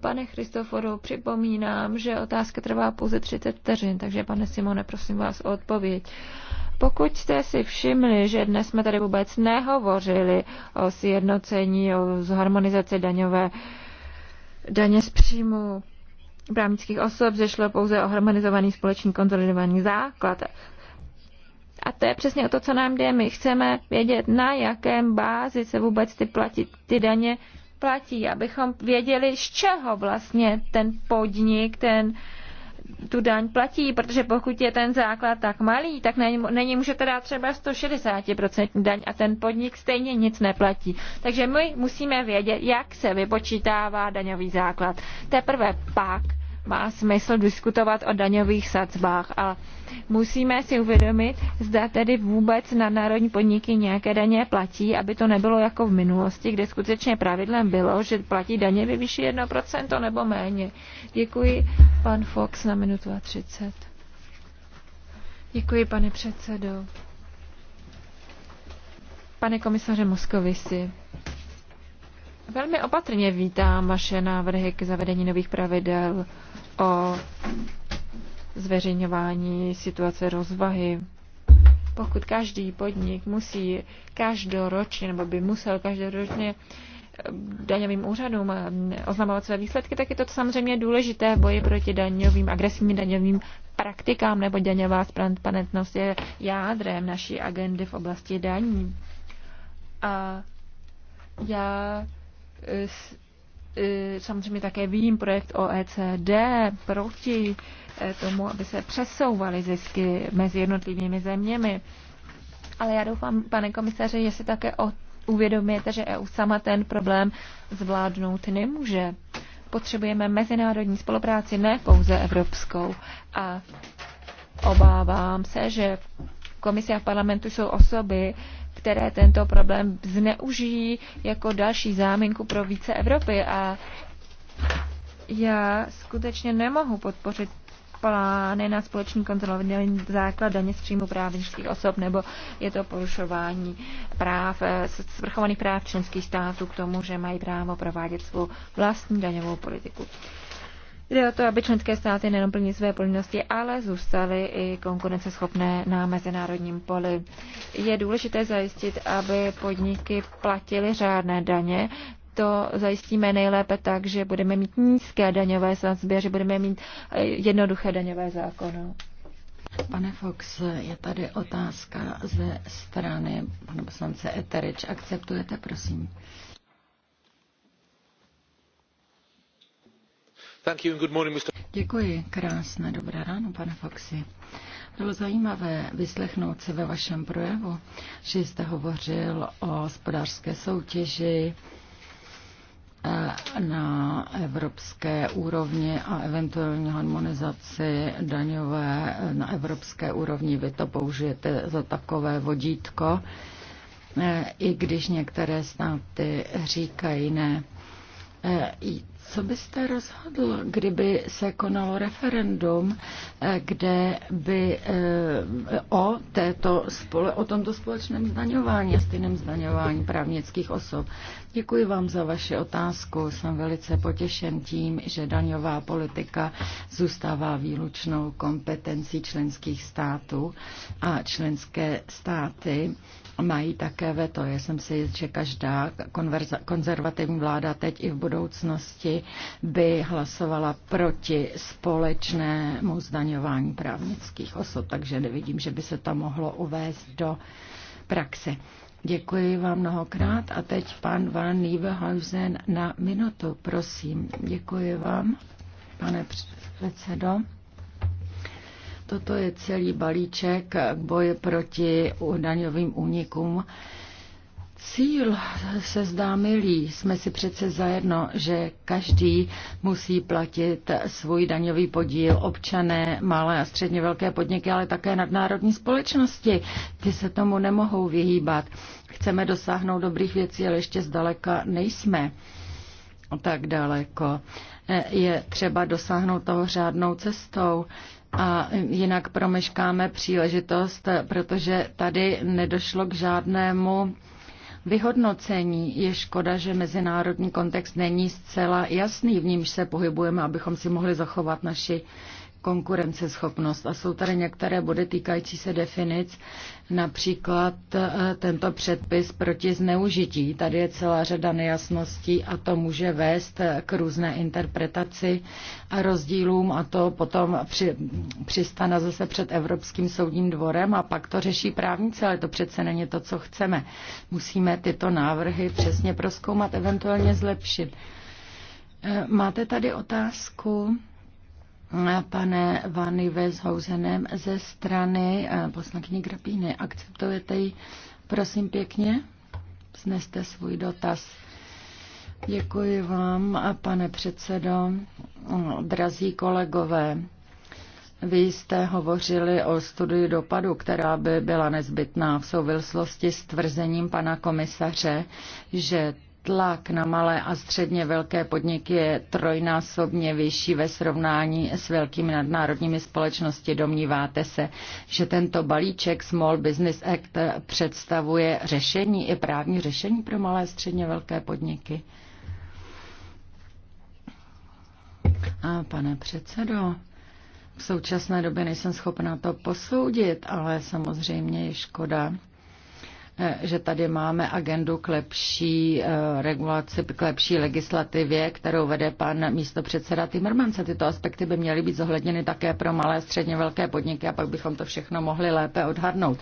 Pane Christoforu, připomínám, že otázka trvá pouze 30 vteřin, takže pane Simone, prosím vás o odpověď. Pokud jste si všimli, že dnes jsme tady vůbec nehovořili o sjednocení, o zharmonizaci daňové daně z příjmu, právnických osob zešlo pouze o harmonizovaný společný konsolidovaný základ. A to je přesně o to, co nám jde. My chceme vědět, na jakém bázi se vůbec ty, platí ty daně platí, abychom věděli, z čeho vlastně ten podnik, ten tu daň platí, protože pokud je ten základ tak malý, tak není něj můžete dát třeba 160% daň a ten podnik stejně nic neplatí. Takže my musíme vědět, jak se vypočítává daňový základ. Teprve pak má smysl diskutovat o daňových sadzbách. A musíme si uvědomit, zda tedy vůbec na národní podniky nějaké daně platí, aby to nebylo jako v minulosti, kde skutečně pravidlem bylo, že platí daně ve výši 1% nebo méně. Děkuji, pan Fox, na minutu a 30. Děkuji, pane předsedo. Pane komisaře Moskovisi, Velmi opatrně vítám vaše návrhy k zavedení nových pravidel o zveřejňování situace rozvahy. Pokud každý podnik musí každoročně, nebo by musel každoročně eh, daňovým úřadům eh, oznamovat své výsledky, tak je to samozřejmě důležité v boji proti daňovým, agresivním daňovým praktikám, nebo daňová transparentnost je jádrem naší agendy v oblasti daní. A já E, samozřejmě také vím projekt OECD proti e, tomu, aby se přesouvaly zisky mezi jednotlivými zeměmi. Ale já doufám, pane komisaři, jestli také o, uvědomíte, že EU sama ten problém zvládnout nemůže. Potřebujeme mezinárodní spolupráci, ne pouze evropskou. A obávám se, že komise a parlamentu jsou osoby, které tento problém zneužijí jako další záminku pro více Evropy. A já skutečně nemohu podpořit plány na společný kontrolovaný základ daně z příjmu právnických osob, nebo je to porušování práv, eh, svrchovaných práv členských států k tomu, že mají právo provádět svou vlastní daňovou politiku. Jde o to, aby členské státy nejenom plní své povinnosti, ale zůstaly i konkurenceschopné na mezinárodním poli. Je důležité zajistit, aby podniky platily řádné daně, to zajistíme nejlépe tak, že budeme mít nízké daňové sazby že budeme mít eh, jednoduché daňové zákony. Pane Fox, je tady otázka ze strany pana poslance Eterič. Akceptujete, prosím? Děkuji, krásné dobré ráno, pane Foxy. Bylo zajímavé vyslechnout si ve vašem projevu, že jste hovořil o hospodářské soutěži eh, na evropské úrovni a eventuální harmonizaci daňové eh, na evropské úrovni. Vy to použijete za takové vodítko, eh, i když některé státy říkají ne co byste rozhodl, kdyby se konalo referendum, eh, kde by eh, o, této o tomto společném zdaňování a stejném zdaňování právnických osob? Děkuji vám za vaši otázku. Jsem velice potěšen tím, že daňová politika zůstává výlučnou kompetencí členských států a členské státy mají také veto. Já jsem si jist, že každá konverza, konzervativní vláda teď i v budoucnosti by hlasovala proti společnému zdaňování právnických osob, takže nevidím, že by se to mohlo uvést do praxe. Děkuji vám mnohokrát a teď pan Van Nieuwenhausen na minutu, prosím. Děkuji vám, pane předsedo. Toto je celý balíček boje proti daňovým únikům. Cíl se zdá milý. Jsme si přece zajedno, že každý musí platit svůj daňový podíl. Občané, malé a středně velké podniky, ale také nadnárodní společnosti. Ty se tomu nemohou vyhýbat. Chceme dosáhnout dobrých věcí, ale ještě zdaleka nejsme tak daleko. Je třeba dosáhnout toho řádnou cestou a jinak promeškáme příležitost, protože tady nedošlo k žádnému vyhodnocení. Je škoda, že mezinárodní kontext není zcela jasný, v nímž se pohybujeme, abychom si mohli zachovat naši konkurenceschopnost. A jsou tady některé body týkající se definic, například eh, tento předpis proti zneužití. Tady je celá řada nejasností a to může vést eh, k různé interpretaci a rozdílům a to potom při, přistane zase před Evropským soudním dvorem a pak to řeší právníci, ale to přece není to, co chceme. Musíme tyto návrhy přesně proskoumat, eventuálně zlepšit. Eh, máte tady otázku? pane Vany Weshousenem ze strany eh, poslankyně Grapíny. Akceptujete ji? Prosím pěkně, zneste svůj dotaz. Děkuji vám, pane předsedo, drazí kolegové. Vy jste hovořili o studii dopadu, která by byla nezbytná v souvislosti s tvrzením pana komisaře, že tlak na malé a středně velké podniky je trojnásobně vyšší ve srovnání s velkými nadnárodními společnosti. Domníváte se, že tento balíček Small Business Act představuje řešení i právní řešení pro malé a středně velké podniky? A pane předsedo, v současné době nejsem schopna to posoudit, ale samozřejmě je škoda, Eh, že tady máme agendu k lepší eh, regulaci, k lepší legislativě, kterou vede pan místopředseda Timmermans. Tyto aspekty by měly být zohledněny také pro malé, středně velké podniky a pak bychom to všechno mohli lépe odhadnout.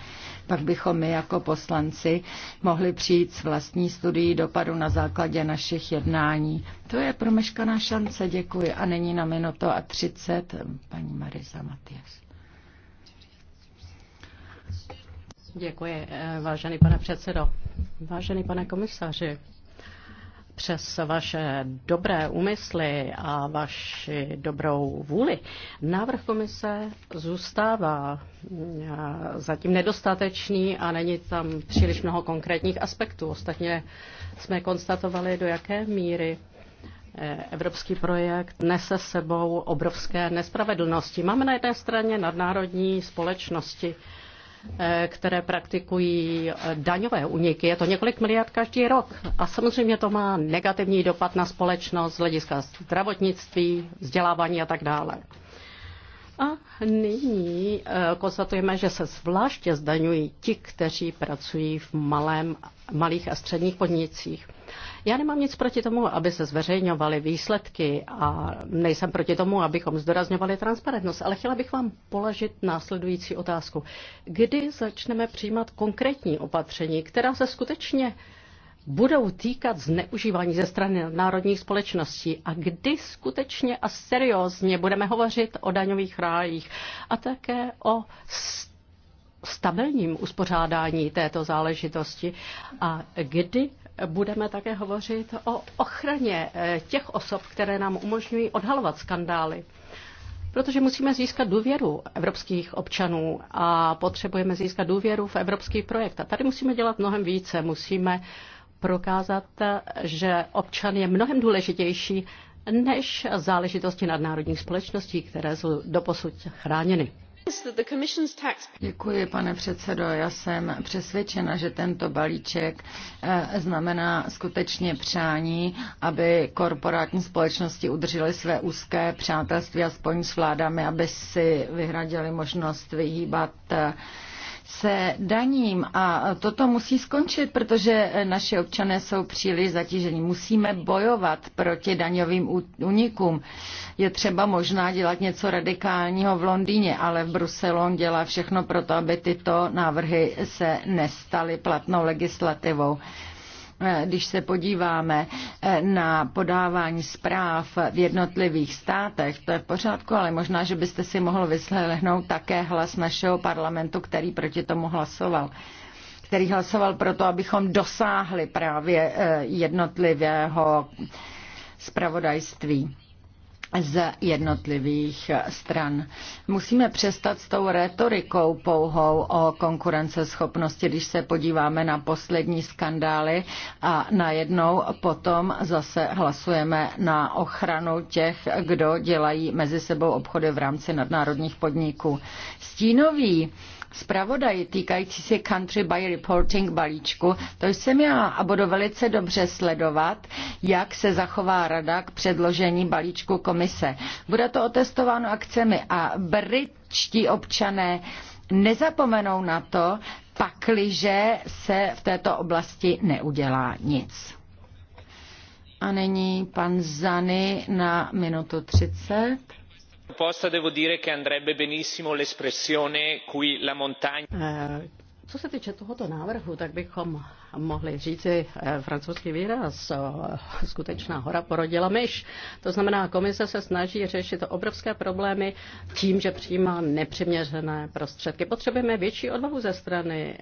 Pak bychom my jako poslanci mohli přijít s vlastní studií dopadu na základě našich jednání. To je promeškaná šance, děkuji. A není na minuto a 30 paní Marisa Matias. Děkuji, eh, vážený pane předsedo. Vážený pane komisaři, přes vaše dobré úmysly a vaši dobrou vůli. Návrh komise zůstává eh, zatím nedostatečný a není tam příliš mnoho konkrétních aspektů. Ostatně jsme konstatovali, do jaké míry eh, evropský projekt nese sebou obrovské nespravedlnosti. Máme na jedné straně nadnárodní společnosti, Eh, které praktikují eh, daňové úniky. Je to několik miliard každý rok. A samozřejmě to má negativní dopad na společnost z hlediska zdravotnictví, vzdělávání a tak dále. A nyní eh, konstatujeme, že se zvláště zdaňují ti, kteří pracují v malém, malých a středních podnicích. Já nemám nic proti tomu, aby se zveřejňovaly výsledky a nejsem proti tomu, abychom zdorazňovali transparentnost, ale chtěla bych vám položit následující otázku. Kdy začneme přijímat konkrétní opatření, která se skutečně uh, budou týkat zneužívání ze strany národních společností a kdy skutečně a seriózně budeme hovořit o daňových rájích a také o stabilním uspořádání této záležitosti a kdy budeme také hovořit o ochraně eh, těch osob, které nám umožňují odhalovat skandály. Protože musíme získat důvěru evropských občanů a potřebujeme získat důvěru v evropský projekt. A tady musíme dělat mnohem více. Musíme uh, prokázat, že občan je mnohem důležitější než záležitosti nadnárodních společností, které jsou doposud chráněny. Děkuji, pane předsedo. Já jsem přesvědčena, že tento balíček eh, znamená skutečně přání, aby korporátní společnosti udržely své úzké přátelství aspoň s vládami, aby si vyhradili možnost vyhýbat eh, se daním a toto musí skončit, protože naše občané jsou příliš zatíženi. Musíme bojovat proti daňovým únikům. Je třeba možná dělat něco radikálního v Londýně, ale v Bruselu on dělá všechno pro to, aby tyto návrhy se nestaly platnou legislativou. Eh, když se podíváme eh, na podávání zpráv v jednotlivých státech, to je v pořádku, ale možná, že byste si mohl vyslehnout také hlas našeho parlamentu, který proti tomu hlasoval který hlasoval pro to, abychom dosáhli právě eh, jednotlivého spravodajství z jednotlivých stran. Musíme přestat s tou retorikou pouhou o konkurenceschopnosti, když se podíváme na poslední skandály a najednou potom zase hlasujeme na ochranu těch, kdo dělají mezi sebou obchody v rámci nadnárodních podniků. Stínoví zpravodaj týkající se Country by Reporting balíčku, to jsem já a budu velice dobře sledovat, jak se zachová rada k předložení balíčku komise. Bude to otestováno akcemi a britští občané nezapomenou na to, pakliže se v této oblasti neudělá nic. A nyní pan Zany na minutu 30 proposta devo dire che andrebbe benissimo l'espressione qui la montagna. Eh, co se týče tohoto návrhu, tak bychom mohli říci eh, francouzský výraz eh, skutečná hora porodila myš. To znamená, komise se snaží řešit obrovské problémy tím, že přijímá nepřiměřené prostředky. Potřebujeme větší odvahu ze strany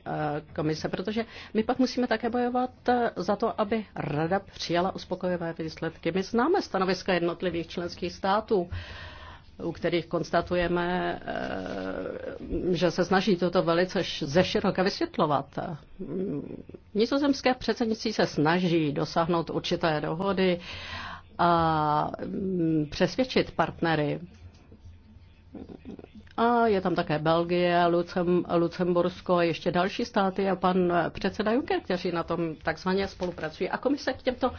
komise, protože my pak musíme také bojovat za to, aby rada přijala uspokojivé výsledky. My známe stanoviska jednotlivých členských států u kterých konstatujeme, eh, že se snaží toto velice zeširoka vysvětlovat. Nizozemské předsednictví se snaží dosáhnout určité dohody a mm, přesvědčit partnery. A je tam také Belgie, Lucem, Lucembursko a ještě další státy a pan předseda Juncker, kteří na tom takzvaně spolupracují. A komise k těmto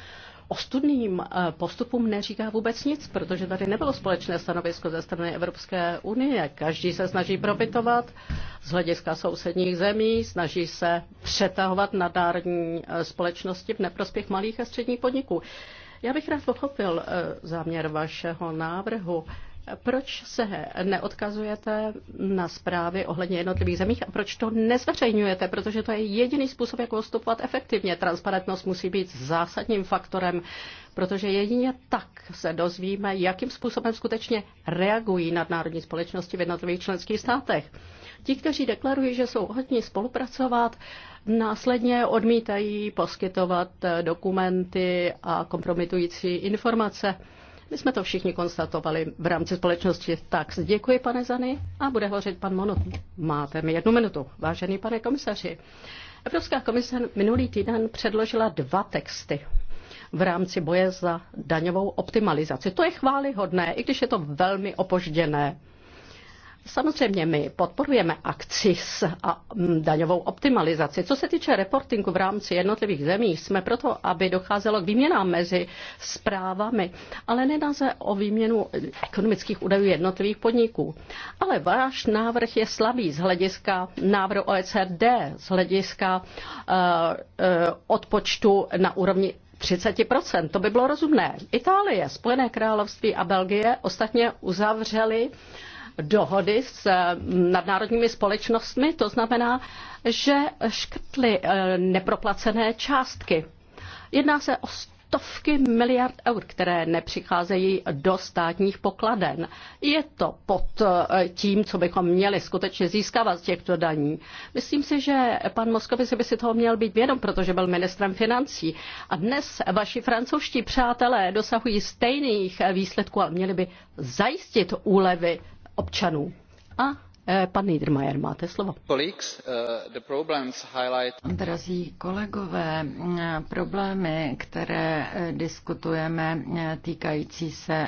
ostudným eh, postupům neříká vůbec nic, protože tady nebylo společné stanovisko ze strany Evropské unie. Každý se snaží profitovat z hlediska sousedních zemí, snaží se přetahovat nadární eh, společnosti v neprospěch malých a středních podniků. Já bych rád pochopil eh, záměr vašeho návrhu. Proč se neodkazujete na zprávy ohledně jednotlivých zemích a proč to nezveřejňujete? Protože to je jediný způsob, jak postupovat efektivně. Transparentnost musí být zásadním faktorem, protože jedině tak se dozvíme, jakým způsobem skutečně reagují nadnárodní společnosti v jednotlivých členských státech. Ti, kteří deklarují, že jsou ochotní spolupracovat, následně odmítají poskytovat dokumenty a kompromitující informace. My jsme to všichni konstatovali v rámci společnosti. Tak, děkuji, pane Zany, a bude hovořit pan Monot. Máte mi jednu minutu, vážený pane komisaři. Evropská komise minulý týden předložila dva texty v rámci boje za daňovou optimalizaci. To je chválihodné, i když je to velmi opožděné. Samozřejmě my podporujeme s a mm, daňovou optimalizaci. Co se týče reportingu v rámci jednotlivých zemí, jsme proto, aby docházelo k výměnám mezi zprávami, ale nedá se o výměnu ekonomických údajů jednotlivých podniků. Ale váš návrh je slabý z hlediska návrhu OECD, z hlediska uh, uh, odpočtu na úrovni 30%. To by bylo rozumné. Itálie, Spojené království a Belgie ostatně uzavřely uh, dohody s eh, nadnárodními společnostmi, to znamená, že škrtly eh, neproplacené částky. Jedná se o stovky miliard eur, které nepřicházejí do státních pokladen. Je to pod eh, tím, co bychom měli skutečně získávat z těchto daní. Myslím si, že pan Moskovic by si toho měl být vědom, protože byl ministrem financí. A dnes vaši francouzští přátelé dosahují stejných výsledků, ale měli by zajistit úlevy občanů. A Eh, pan Niedermayer, máte slovo. Eh, Drazí kolegové, eh, problémy, které diskutujeme, týkající se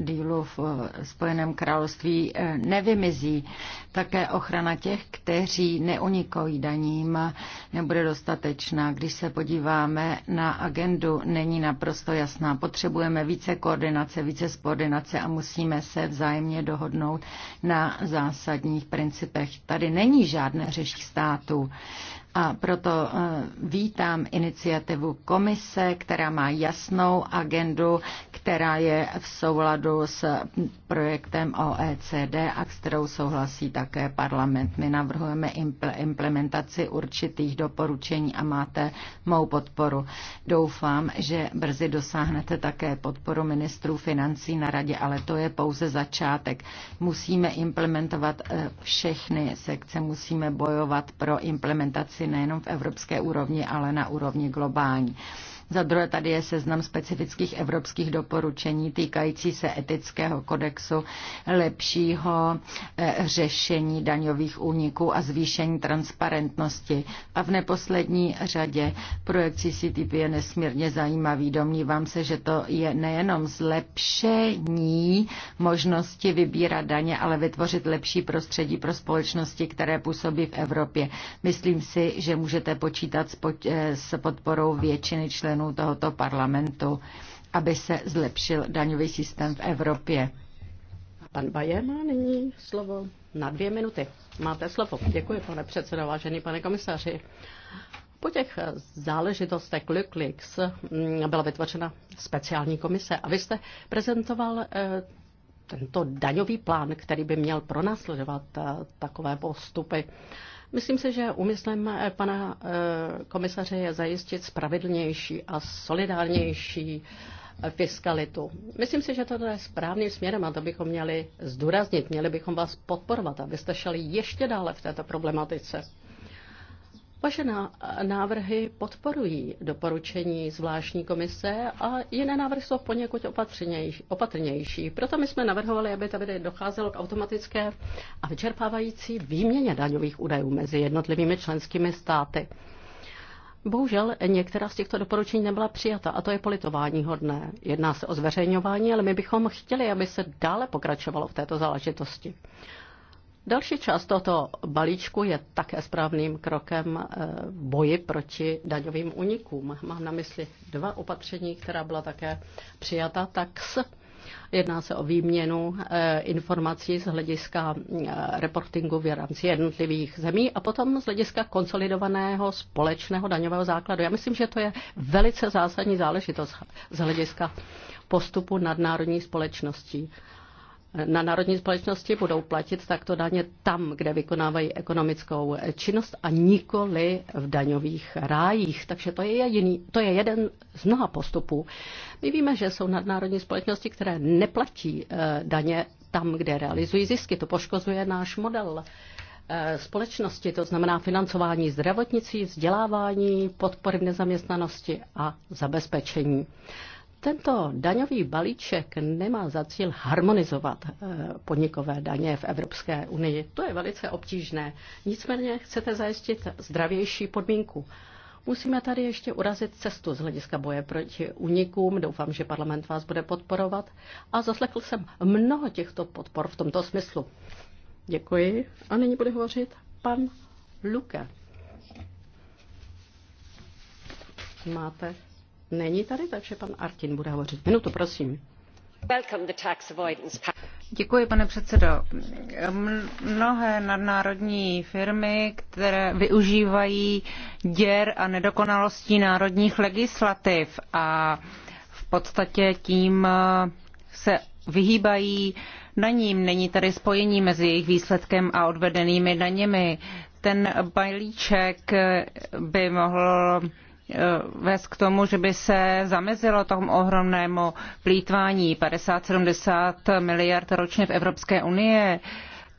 dílu v Spojeném království, nevymizí. Také ochrana těch, kteří neunikají daním, nebude dostatečná. Když se podíváme na agendu, není naprosto jasná. Potřebujeme více koordinace, více spoordinace a musíme se vzájemně dohodnout na zásadních principech. Tady není žádné řešení států. A proto eh, vítám iniciativu komise, která má jasnou agendu, která je v souladu s projektem OECD a s kterou souhlasí také parlament. My navrhujeme implementaci určitých doporučení a máte mou podporu. Doufám, že brzy dosáhnete také podporu ministrů financí na radě, ale to je pouze začátek. Musíme implementovat eh, všechny sekce, musíme bojovat pro implementaci nejenom v evropské úrovni, ale na úrovni globální. Za druhé tady je seznam specifických evropských doporučení týkající se etického kodexu, lepšího eh, řešení daňových úniků a zvýšení transparentnosti. A v neposlední řadě projekt CCTP je nesmírně zajímavý. Domnívám se, že to je nejenom zlepšení možnosti vybírat daně, ale vytvořit lepší prostředí pro společnosti, které působí v Evropě. Myslím si, že můžete počítat s eh, podporou většiny členů členů tohoto parlamentu, aby se zlepšil daňový systém v Evropě. Pan Baje má nyní slovo na dvě minuty. Máte slovo. Děkuji, pane předsedo, vážený pane komisaři. Po těch záležitostech Luklix mm, byla vytvořena speciální komise a vy jste prezentoval eh, tento daňový plán, který by měl pronásledovat eh, takové postupy. Myslím si, že úmyslem eh, pana eh, komisaře je zajistit spravedlnější a solidárnější eh, fiskalitu. Myslím si, že to je správným směrem a to bychom měli zdůraznit. Měli bychom vás podporovat, abyste šli ještě dále v této problematice. Vaše návrhy podporují doporučení zvláštní komise a jiné návrhy jsou poněkud opatrnější. Proto my jsme navrhovali, aby tady docházelo k automatické a vyčerpávající výměně daňových údajů mezi jednotlivými členskými státy. Bohužel některá z těchto doporučení nebyla přijata a to je politování hodné. Jedná se o zveřejňování, ale my bychom chtěli, aby se dále pokračovalo v této záležitosti. Další část tohoto balíčku je také správným krokem eh, v boji proti daňovým unikům. Mám na mysli dva opatření, která byla také přijata tax. Jedná se o výměnu eh, informací z hlediska eh, reportingu v rámci jednotlivých zemí a potom z hlediska konsolidovaného společného daňového základu. Já myslím, že to je velice zásadní záležitost z hlediska postupu nadnárodní společností na národní společnosti budou platit takto daně tam, kde vykonávají ekonomickou činnost a nikoli v daňových rájích. Takže to je, jediný, to je jeden z mnoha postupů. My víme, že jsou nadnárodní společnosti, které neplatí eh, daně tam, kde realizují zisky. To poškozuje náš model eh, společnosti, to znamená financování zdravotnictví, vzdělávání, podpory v nezaměstnanosti a zabezpečení. Tento daňový balíček nemá za cíl harmonizovat eh, podnikové daně v Evropské unii. To je velice obtížné. Nicméně chcete zajistit zdravější podmínku. Musíme tady ještě urazit cestu z hlediska boje proti unikům. Doufám, že parlament vás bude podporovat. A zaslechl jsem mnoho těchto podpor v tomto smyslu. Děkuji. A nyní bude hovořit pan Luke. Máte není tady, takže pan Artin bude hovořit. Minutu, prosím. Děkuji, pane předsedo. Mnohé nadnárodní firmy, které využívají děr a nedokonalostí národních legislativ a v podstatě tím eh, se vyhýbají na ním. Není tady spojení mezi jejich výsledkem a odvedenými daněmi. Ten balíček eh, by mohl Eh, vést k tomu, že by se zamezilo tomu ohromnému plítvání 50-70 miliard ročně v Evropské unii.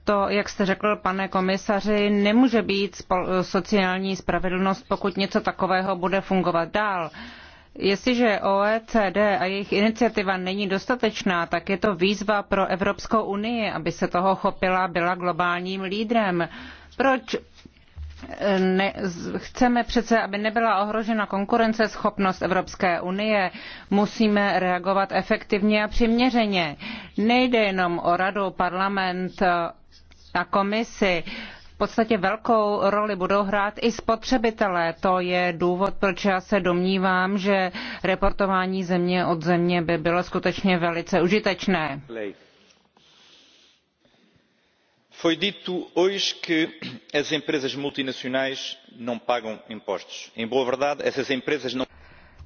To, jak jste řekl, pane komisaři, nemůže být sociální spravedlnost, pokud něco takového bude fungovat dál. Jestliže OECD a jejich iniciativa není dostatečná, tak je to výzva pro Evropskou unii, aby se toho chopila, byla globálním lídrem. Proč chceme přece, aby nebyla ohrožena konkurenceschopnost Evropské unie, musíme reagovat efektivně a přiměřeně. Nejde jenom o radu, parlament a komisi. V podstatě velkou roli budou hrát i spotřebitelé. To je důvod, proč já se domnívám, že reportování země od země by bylo skutečně velice užitečné foi dito hoje que as empresas multinacionais não pagam impostos. Em boa verdade, essas empresas não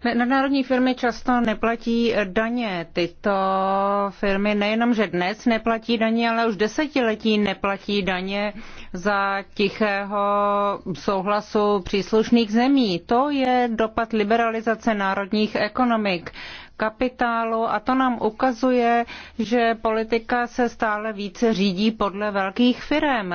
Nadnárodní firmy často neplatí daně. Tyto firmy nejenom, že dnes neplatí daně, ale už desetiletí neplatí daně za tichého souhlasu příslušných zemí. To je dopad liberalizace národních ekonomik kapitálu a to nám ukazuje, že politika se stále více řídí podle velkých firm.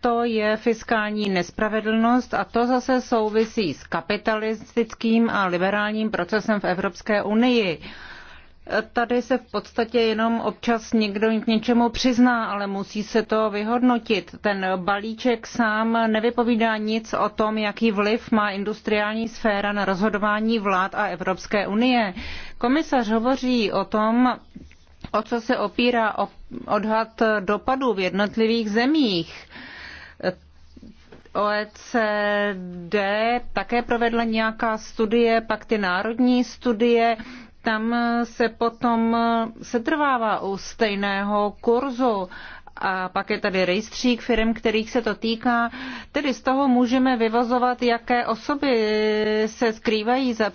To je fiskální nespravedlnost a to zase souvisí s kapitalistickým a liberálním procesem v Evropské unii. Tady se v podstatě jenom občas někdo k něčemu přizná, ale musí se to vyhodnotit. Ten balíček sám nevypovídá nic o tom, jaký vliv má industriální sféra na rozhodování vlád a Evropské unie. Komisař hovoří o tom, o co se opírá odhad dopadů v jednotlivých zemích. OECD také provedla nějaká studie, pak ty národní studie tam eh, se potom eh, setrvává u stejného kurzu a pak je tady rejstřík firm, kterých se to týká. Tedy z toho můžeme vyvozovat, jaké osoby se skrývají za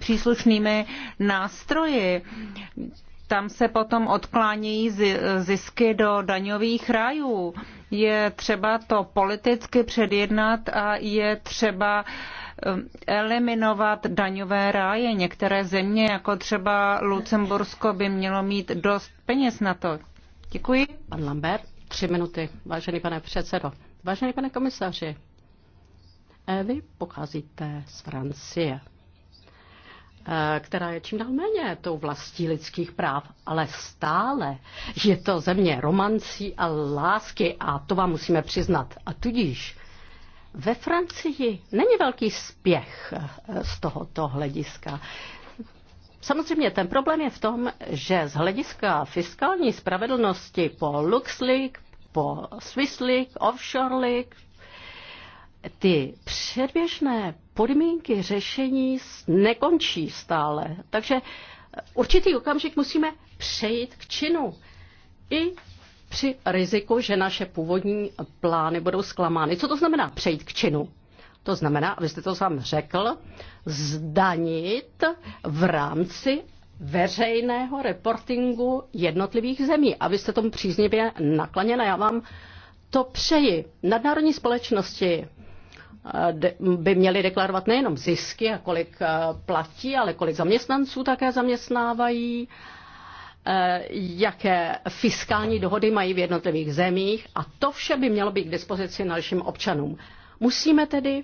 příslušnými nástroji. Tam se potom odklánějí zisky do daňových rájů. Je třeba to politicky předjednat a je třeba uh, Um, eliminovat daňové ráje. Některé země, jako třeba Lucembursko, by mělo mít dost peněz na to. Děkuji. Pan Lambert, tři minuty, vážený pane předsedo. Vážený pane komisaři, eh, vy pocházíte z Francie, eh, která je čím dál méně tou vlastí lidských práv, ale stále je to země romancí a lásky a to vám musíme přiznat. A tudíž ve Francii není velký spěch eh, z tohoto hlediska. Samozřejmě ten problém je v tom, že z hlediska fiskální spravedlnosti po LuxLeak, po SwissLeak, OffshoreLeak, ty předběžné podmínky řešení nekončí stále. Takže určitý okamžik musíme přejít k činu. I při riziku, že naše původní plány budou zklamány. Co to znamená přejít k činu? To znamená, abyste to sám řekl, zdanit v rámci veřejného reportingu jednotlivých zemí. A vy jste tomu příznivě nakloněna. Já vám to přeji. Nadnárodní společnosti eh, by měly deklarovat nejenom zisky a kolik eh, platí, ale kolik zaměstnanců také zaměstnávají Eh, jaké fiskální dohody mají v jednotlivých zemích a to vše by mělo být k dispozici našim občanům. Musíme tedy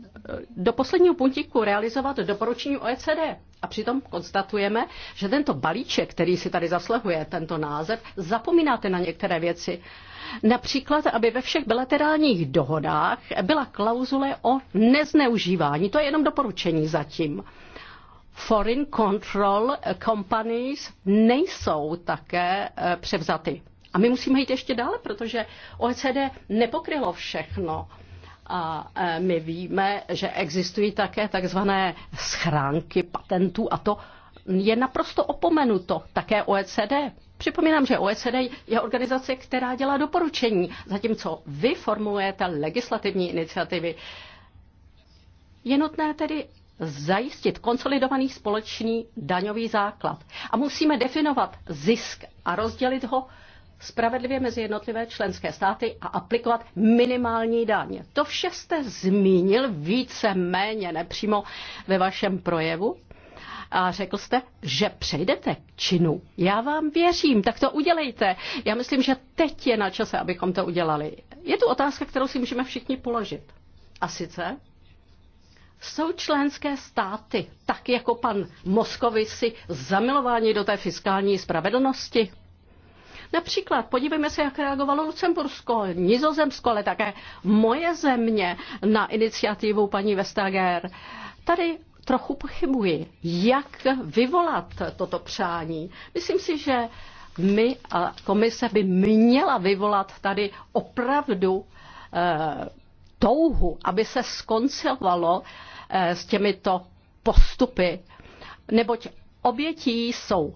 eh, do posledního puntíku realizovat doporučení OECD. A přitom konstatujeme, že tento balíček, který si tady zaslehuje, tento název, zapomínáte na některé věci. Například, aby ve všech bilaterálních dohodách byla klauzule o nezneužívání. To je jenom doporučení zatím foreign control companies nejsou také eh, převzaty. A my musíme jít ještě dále, protože OECD nepokrylo všechno. A eh, my víme, že existují také takzvané schránky patentů a to je naprosto opomenuto také OECD. Připomínám, že OECD je organizace, která dělá doporučení, zatímco vy formulujete legislativní iniciativy. Je nutné tedy zajistit konsolidovaný společný daňový základ. A musíme definovat zisk a rozdělit ho spravedlivě mezi jednotlivé členské státy a aplikovat minimální daň. To vše jste zmínil více méně nepřímo ve vašem projevu a řekl jste, že přejdete k činu. Já vám věřím, tak to udělejte. Já myslím, že teď je na čase, abychom to udělali. Je tu otázka, kterou si můžeme všichni položit. A sice, jsou členské státy, tak jako pan Moskovici, zamilování do té fiskální spravedlnosti? Například podívejme se, jak reagovalo Lucembursko, Nizozemsko, ale také moje země na iniciativu paní Vestager. Tady trochu pochybuji, jak vyvolat toto přání. Myslím si, že my a komise by měla vyvolat tady opravdu eh, touhu, aby se skoncilovalo eh, Eh, s těmito postupy, neboť obětí jsou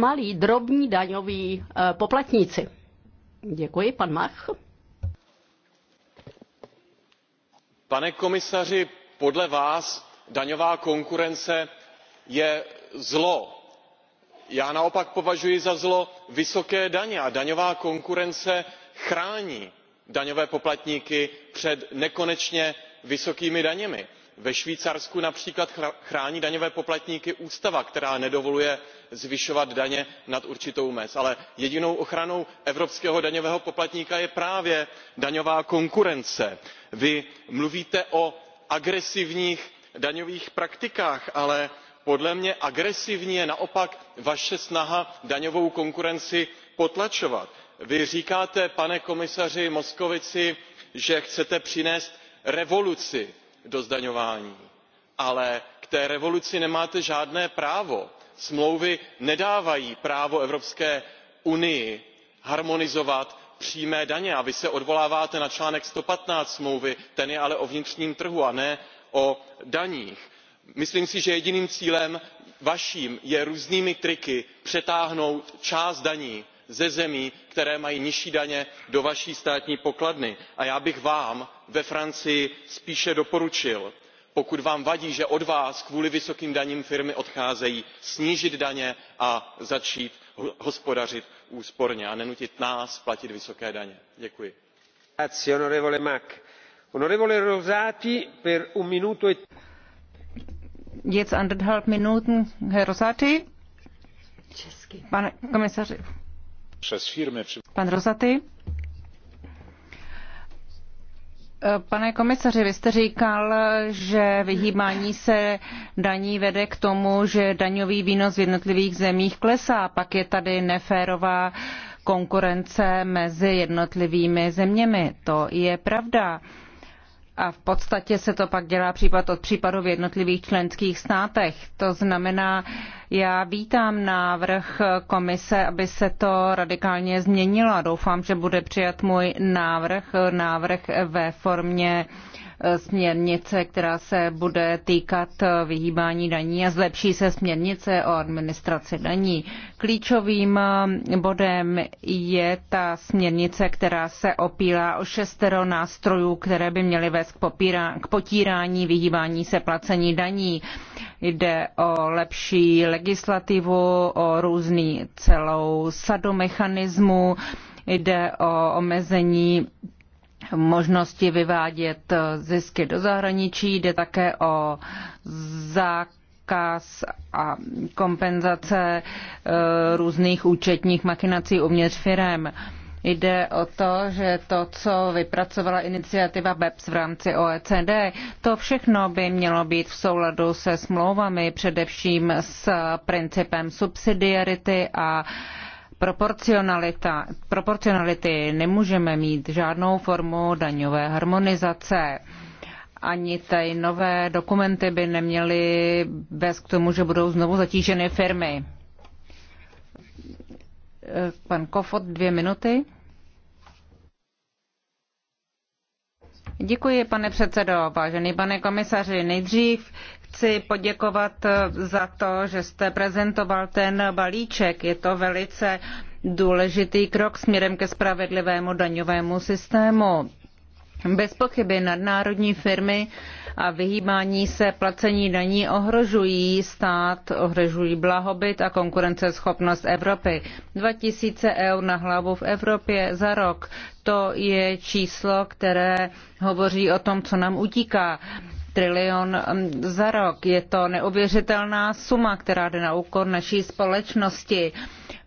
malí, drobní daňoví eh, poplatníci. Děkuji, pan Mach. Pane komisaři, podle vás daňová konkurence je zlo. Já naopak považuji za zlo vysoké daně a daňová konkurence chrání daňové poplatníky před nekonečně vysokými daněmi ve švýcarsku například chrání daňové poplatníky ústava která nedovoluje zvyšovat daně nad určitou mez ale jedinou ochranou evropského daňového poplatníka je právě daňová konkurence. vy mluvíte o agresivních daňových praktikách ale podle mě agresivní je naopak vaše snaha daňovou konkurenci potlačovat. vy říkáte pane komisaři moscovici že chcete přinést revoluci do zdaňování ale k té revoluci nemáte žádné právo. smlouvy nedávají právo evropské unii harmonizovat přímé daně a vy se odvoláváte na článek one hundred and fifteen smlouvy ten je ale o vnitřním trhu a ne o daních. myslím si že jediným cílem vaším je různými triky přetáhnout část daní ze zemí které mají nižší daně do vaší státní pokladny a já bych vám ve francii spíše doporučil pokud vám vadí že od vás kvůli vysokým daním firmy odcházejí snížit daně a začít hospodařit úsporně a nenutit nás platit vysoké daně. děkuji. Přes firmy... Pan Rozaty. Pane komisaři, vy jste říkal, že vyhýbání se daní vede k tomu, že daňový výnos v jednotlivých zemích klesá. Pak je tady neférová konkurence mezi jednotlivými zeměmi. To je pravda a v podstatě se to pak dělá případ od případu v jednotlivých členských státech. To znamená, já vítám návrh komise, aby se to radikálně změnilo. Doufám, že bude přijat můj návrh, návrh ve formě směrnice, která se bude týkat vyhýbání daní a zlepší se směrnice o administraci daní. Klíčovým bodem je ta směrnice, která se opírá o šestero nástrojů, které by měly vést k, popíra, k potírání vyhýbání se placení daní. Jde o lepší legislativu, o různý celou sadu mechanismů, jde o omezení možnosti vyvádět eh, zisky do zahraničí, jde také o zákaz a kompenzace eh, různých účetních makinací uvnitř firem. Jde o to, že to, co vypracovala iniciativa BEPS v rámci OECD, to všechno by mělo být v souladu se smlouvami, především s principem subsidiarity a uh, proporcionality nemůžeme mít žádnou formu daňové harmonizace. Ani ty nové dokumenty by neměly vést k tomu, že budou znovu zatíženy firmy. Pan Kofot, dvě minuty. Děkuji, pane předsedo. Vážený pane komisaři, nejdřív chci poděkovat za to, že jste prezentoval ten balíček. Je to velice důležitý krok směrem ke spravedlivému daňovému systému. Bez pochyby nadnárodní firmy uh, a vyhýbání se placení daní ohrožují stát, ohrožují blahobyt a konkurenceschopnost Evropy. 2000 eur na hlavu v Evropě za rok, to je číslo, které hovoří o tom, co nám utíká trilion mm, za rok. Je to neuvěřitelná suma, která jde na úkor naší společnosti.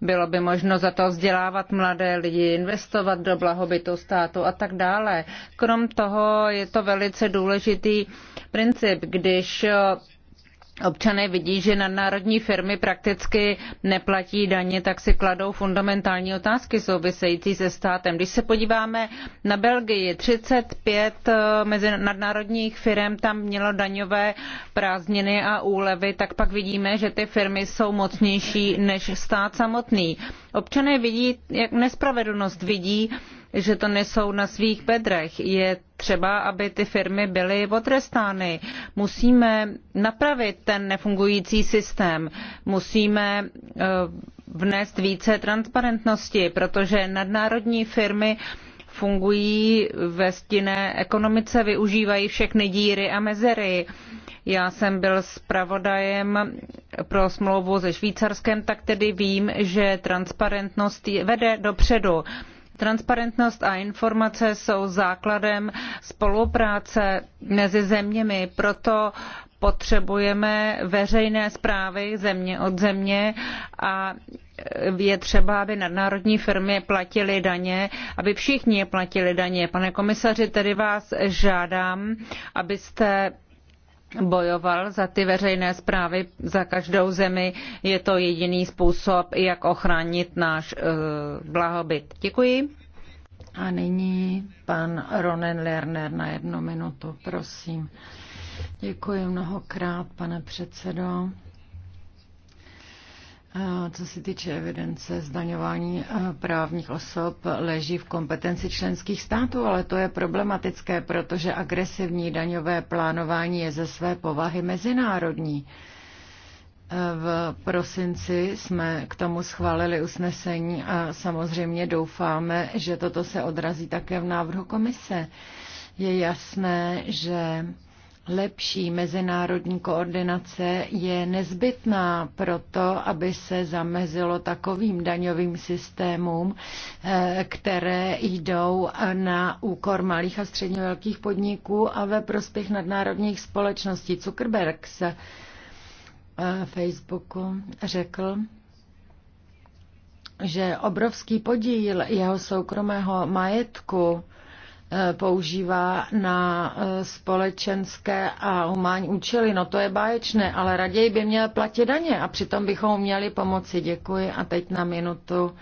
Bylo by možno za to vzdělávat mladé lidi, investovat do blahobytu státu a tak dále. Krom toho je to velice důležitý princip, když občané vidí, že nadnárodní firmy prakticky neplatí daně, tak si kladou fundamentální otázky související se státem. Když se podíváme na Belgii, 35 eh, mezi nadnárodních firm tam mělo daňové prázdniny a úlevy, tak pak vidíme, že ty firmy jsou mocnější než stát samotný. Občané vidí, jak nespravedlnost vidí, že to nesou na svých bedrech. Je třeba, aby ty firmy byly potrestány. Musíme napravit ten nefungující systém. Musíme eh, vnést více transparentnosti, protože nadnárodní firmy fungují ve stinné ekonomice, využívají všechny díry a mezery. Já jsem byl zpravodajem pro smlouvu se Švýcarskem, tak tedy vím, že transparentnost vede dopředu. Transparentnost a informace jsou základem spolupráce mezi zeměmi, proto potřebujeme veřejné zprávy země od země a je třeba, aby nadnárodní firmy platily daně, aby všichni platili daně. Pane komisaři, tedy vás žádám, abyste bojoval za ty veřejné zprávy za každou zemi. Je to jediný způsob, jak ochránit náš uh, blahobyt. Děkuji. A nyní pan Ronen Lerner na jednu minutu, prosím. Děkuji mnohokrát, pane předsedo. Co se týče evidence zdaňování právních osob, leží v kompetenci členských států, ale to je problematické, protože agresivní daňové plánování je ze své povahy mezinárodní. V prosinci jsme k tomu schválili usnesení a samozřejmě doufáme, že toto se odrazí také v návrhu komise. Je jasné, že lepší mezinárodní koordinace je nezbytná proto, aby se zamezilo takovým daňovým systémům, eh, které jdou na úkor malých a středně velkých podniků a ve prospěch nadnárodních společností. Zuckerberg se eh, Facebooku řekl, že obrovský podíl jeho soukromého majetku Eh, používá na eh, společenské a humánní účely. No to je báječné, ale raději by měl platit daně a přitom bychom měli pomoci. Děkuji a teď na minutu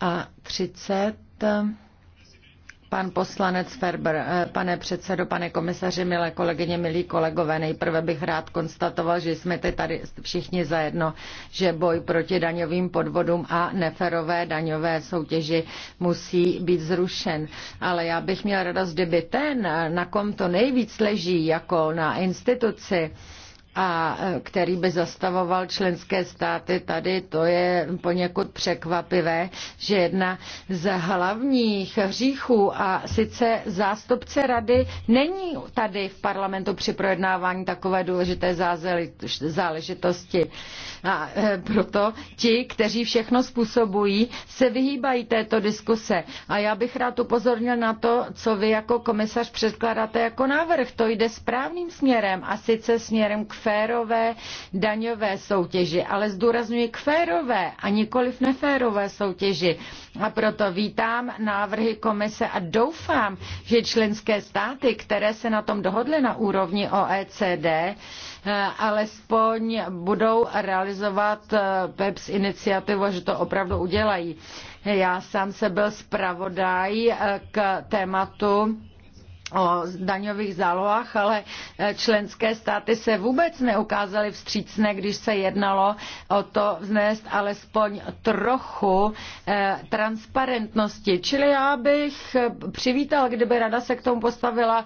a třicet. Pan poslanec Ferber, eh, pane předsedo, pane komisaři, milé kolegyně, milí kolegové, nejprve bych rád konstatoval, že jsme tady všichni zajedno, že boj proti daňovým podvodům a neferové daňové soutěži musí být zrušen. Ale já bych měla radost, kdyby ten, na kom to nejvíc leží, jako na instituci, a e, který by zastavoval členské státy tady, to je poněkud překvapivé, že jedna z hlavních hříchů a sice zástupce rady není tady v parlamentu při projednávání takové důležité záležitosti. A e, proto ti, kteří všechno způsobují, se vyhýbají této diskuse. A já bych rád upozornil na to, co vy jako komisař předkládáte jako návrh. To jde správným směrem a sice směrem k férové daňové soutěži, ale zdůrazňuji k férové a nikoliv neférové soutěži. A proto vítám návrhy komise a doufám, že členské státy, které se na tom dohodly na úrovni OECD, eh, alespoň budou realizovat eh, PEPS iniciativu, že to opravdu udělají. Já sám se byl zpravodaj eh, k tématu o daňových zálohách, ale eh, členské státy se vůbec neukázaly vstřícné, když se jednalo o to vznést alespoň trochu eh, transparentnosti. Čili já bych eh, přivítal, kdyby rada se k tomu postavila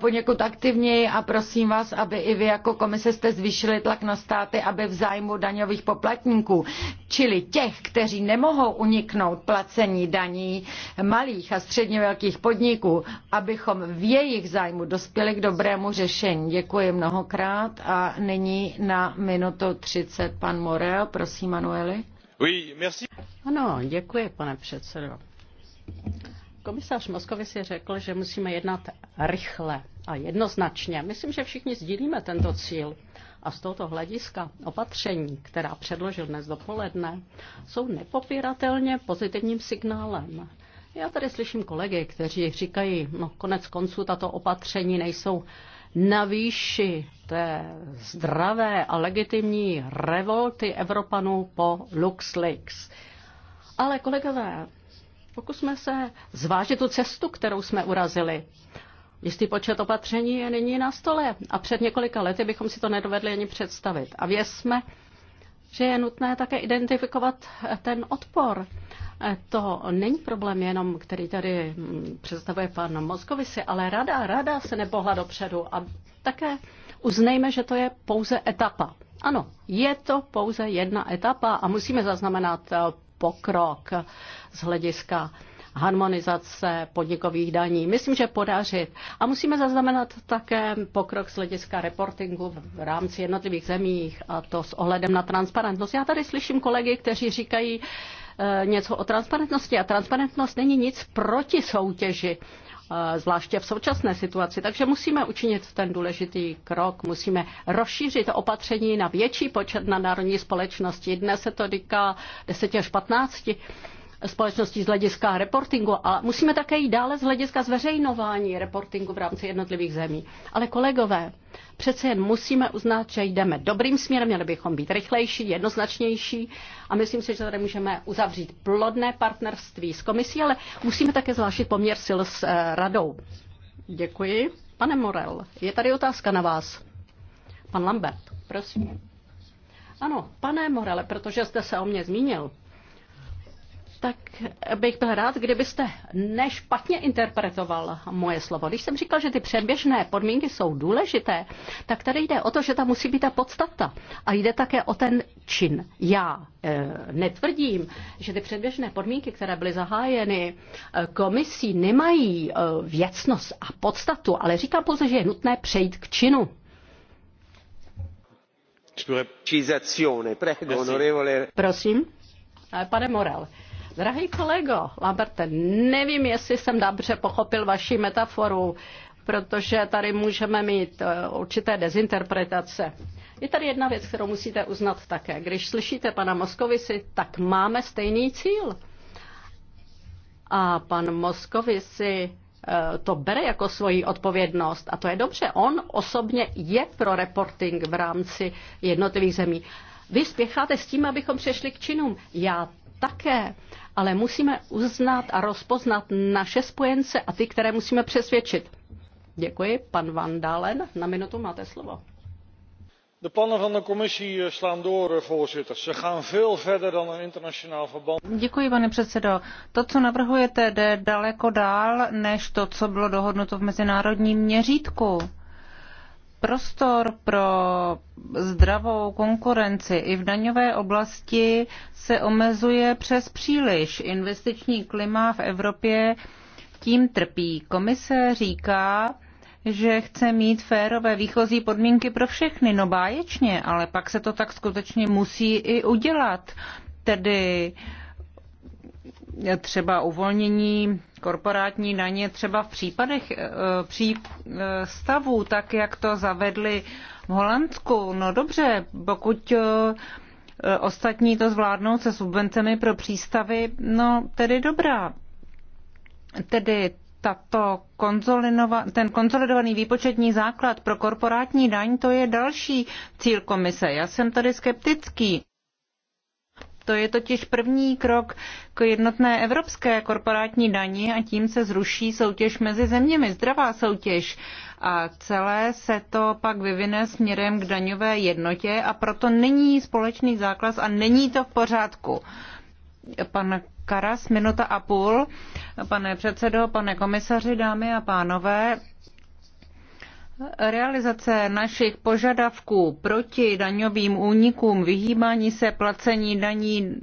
poněkud aktivněji a prosím vás, aby i vy jako komise jste zvýšili tlak na státy, aby v zájmu daňových poplatníků, čili těch, kteří nemohou uniknout placení daní malých a středně velkých podniků, abychom v jejich zájmu dospěli k dobrému řešení. Děkuji mnohokrát a nyní na minuto 30 pan Morel. Prosím, Manueli. Oui, merci. Ano, děkuji, pane předsedo. Komisař Moskovi si řekl, že musíme jednat rychle a jednoznačně. Myslím, že všichni sdílíme tento cíl. A z tohoto hlediska opatření, která předložil dnes dopoledne, jsou nepopiratelně pozitivním signálem já tady slyším kolegy, kteří říkají, no konec konců tato opatření nejsou na výši té zdravé a legitimní revolty Evropanů po LuxLeaks. Ale kolegové, pokusme se zvážit tu cestu, kterou jsme urazili. Jistý počet opatření je nyní na stole a před několika lety bychom si to nedovedli ani představit. A věřme, že je nutné také identifikovat ten odpor. To není problém jenom, který tady mm, představuje pan Moskovisi, ale rada, rada se nepohla dopředu a také uznejme, že to je pouze etapa. Ano, je to pouze jedna etapa a musíme zaznamenat eh, pokrok z hlediska harmonizace podnikových daní. Myslím, že podařit. A musíme zaznamenat také pokrok z hlediska reportingu v rámci jednotlivých zemích a to s ohledem na transparentnost. Já tady slyším kolegy, kteří říkají eh, něco o transparentnosti a transparentnost není nic proti soutěži eh, zvláště v současné situaci. Takže musíme učinit ten důležitý krok, musíme rozšířit opatření na větší počet na národní společnosti. Dnes se to týká 10 až 15 společností z hlediska reportingu, ale musíme také jít dále z hlediska zveřejnování reportingu v rámci jednotlivých zemí. Ale kolegové, přece jen musíme uznat, že jdeme dobrým směrem, měli bychom být rychlejší, jednoznačnější a myslím si, že tady můžeme uzavřít plodné partnerství s komisí, ale musíme také zvlášit poměr sil s eh, radou. Děkuji. Pane Morel, je tady otázka na vás. Pan Lambert, prosím. Ano, pane Morele, protože jste se o mě zmínil, tak bych byl rád, kdybyste nešpatně interpretoval moje slovo. Když jsem říkal, že ty předběžné podmínky jsou důležité, tak tady jde o to, že tam musí být ta podstata. A jde také o ten čin. Já e, netvrdím, že ty předběžné podmínky, které byly zahájeny eh, komisí, nemají e, věcnost a podstatu, ale říkám pouze, že je nutné přejít k činu. Prosím, pane Morel Drahý kolego Laberte, nevím, jestli jsem dobře pochopil vaši metaforu, protože tady můžeme mít eh, určité dezinterpretace. Je tady jedna věc, kterou musíte uznat také. Když slyšíte pana Moskovici, tak máme stejný cíl. A pan Moskovici eh, to bere jako svoji odpovědnost a to je dobře. On osobně je pro reporting v rámci jednotlivých zemí. Vy spěcháte s tím, abychom přešli k činům. Já také ale musíme uznat a rozpoznat naše spojence a ty, které musíme přesvědčit. Děkuji. Pan Van Dalen, na minutu máte slovo. De plannen van de commissie eh, slaan door, eh, voorzitter. Ze gaan veel verder dan een internationaal verband. Děkuji, pane předsedo. To, co navrhujete, jde daleko dál, než to, co bylo dohodnuto v mezinárodním měřítku prostor pro zdravou konkurenci i v daňové oblasti se omezuje přes příliš. Investiční klima v Evropě tím trpí. Komise říká, že chce mít férové výchozí podmínky pro všechny. No báječně, ale pak se to tak skutečně musí i udělat. Tedy třeba uvolnění korporátní daně třeba v případech eh, přístavů, eh, tak jak to zavedli v Holandsku. No dobře, pokud eh, ostatní to zvládnou se subvencemi pro přístavy, no tedy dobrá. Tedy tato ten konsolidovaný výpočetní základ pro korporátní daň, to je další cíl komise. Já jsem tady skeptický. To je totiž první krok k jednotné evropské korporátní dani a tím se zruší soutěž mezi zeměmi, zdravá soutěž. A celé se to pak vyvine směrem k daňové jednotě a proto není společný základ a není to v pořádku. Pan Karas, minuta a půl. Pane předsedo, pane komisaři, dámy a pánové, Realizace našich požadavků proti daňovým únikům, vyhýbání se placení daní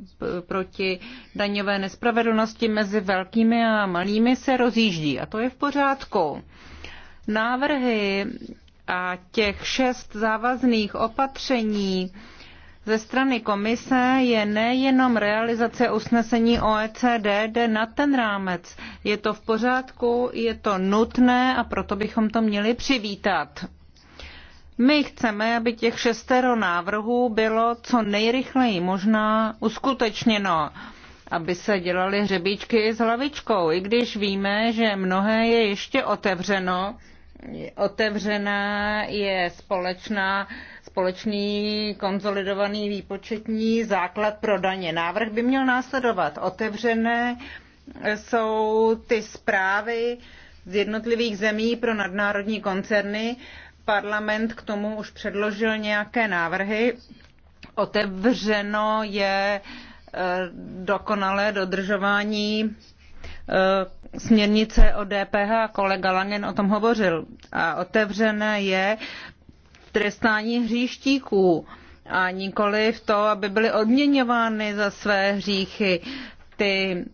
proti daňové nespravedlnosti mezi velkými a malými se rozjíždí a to je v pořádku. Návrhy a těch šest závazných opatření, ze strany komise je nejenom realizace usnesení OECD, jde na ten rámec. Je to v pořádku, je to nutné a proto bychom to měli přivítat. My chceme, aby těch šestero návrhů bylo co nejrychleji možná uskutečněno, aby se dělaly hřebíčky s hlavičkou, i když víme, že mnohé je ještě otevřeno. Otevřená je společná společný konsolidovaný výpočetní základ pro daně. Návrh by měl následovat. Otevřené jsou ty zprávy z jednotlivých zemí pro nadnárodní koncerny. Parlament k tomu už předložil nějaké návrhy. Otevřeno je eh, dokonalé dodržování eh, směrnice o DPH, kolega Langen o tom hovořil, a otevřené je trestání hříštíků a nikoli v to, aby byly odměňovány za své hříchy. Ty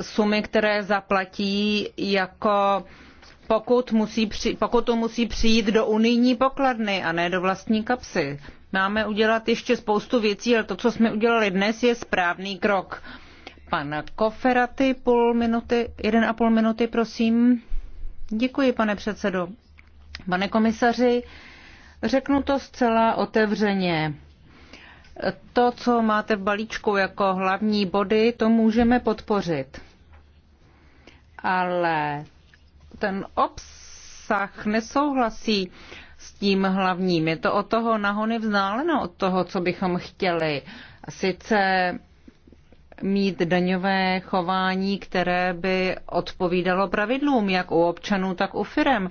sumy, které zaplatí jako pokud, musí při, pokud to musí přijít do unijní pokladny a ne do vlastní kapsy. Máme udělat ještě spoustu věcí, ale to, co jsme udělali dnes, je správný krok. Pan Koferaty, půl minuty, jeden a půl minuty, prosím. Děkuji, pane předsedo. Pane komisaři, Řeknu to zcela otevřeně. To, co máte v balíčku jako hlavní body, to můžeme podpořit. Ale ten obsah nesouhlasí s tím hlavním. Je to od toho nahony vzdáleno, od toho, co bychom chtěli. Sice mít daňové chování, které by odpovídalo pravidlům, jak u občanů, tak u firem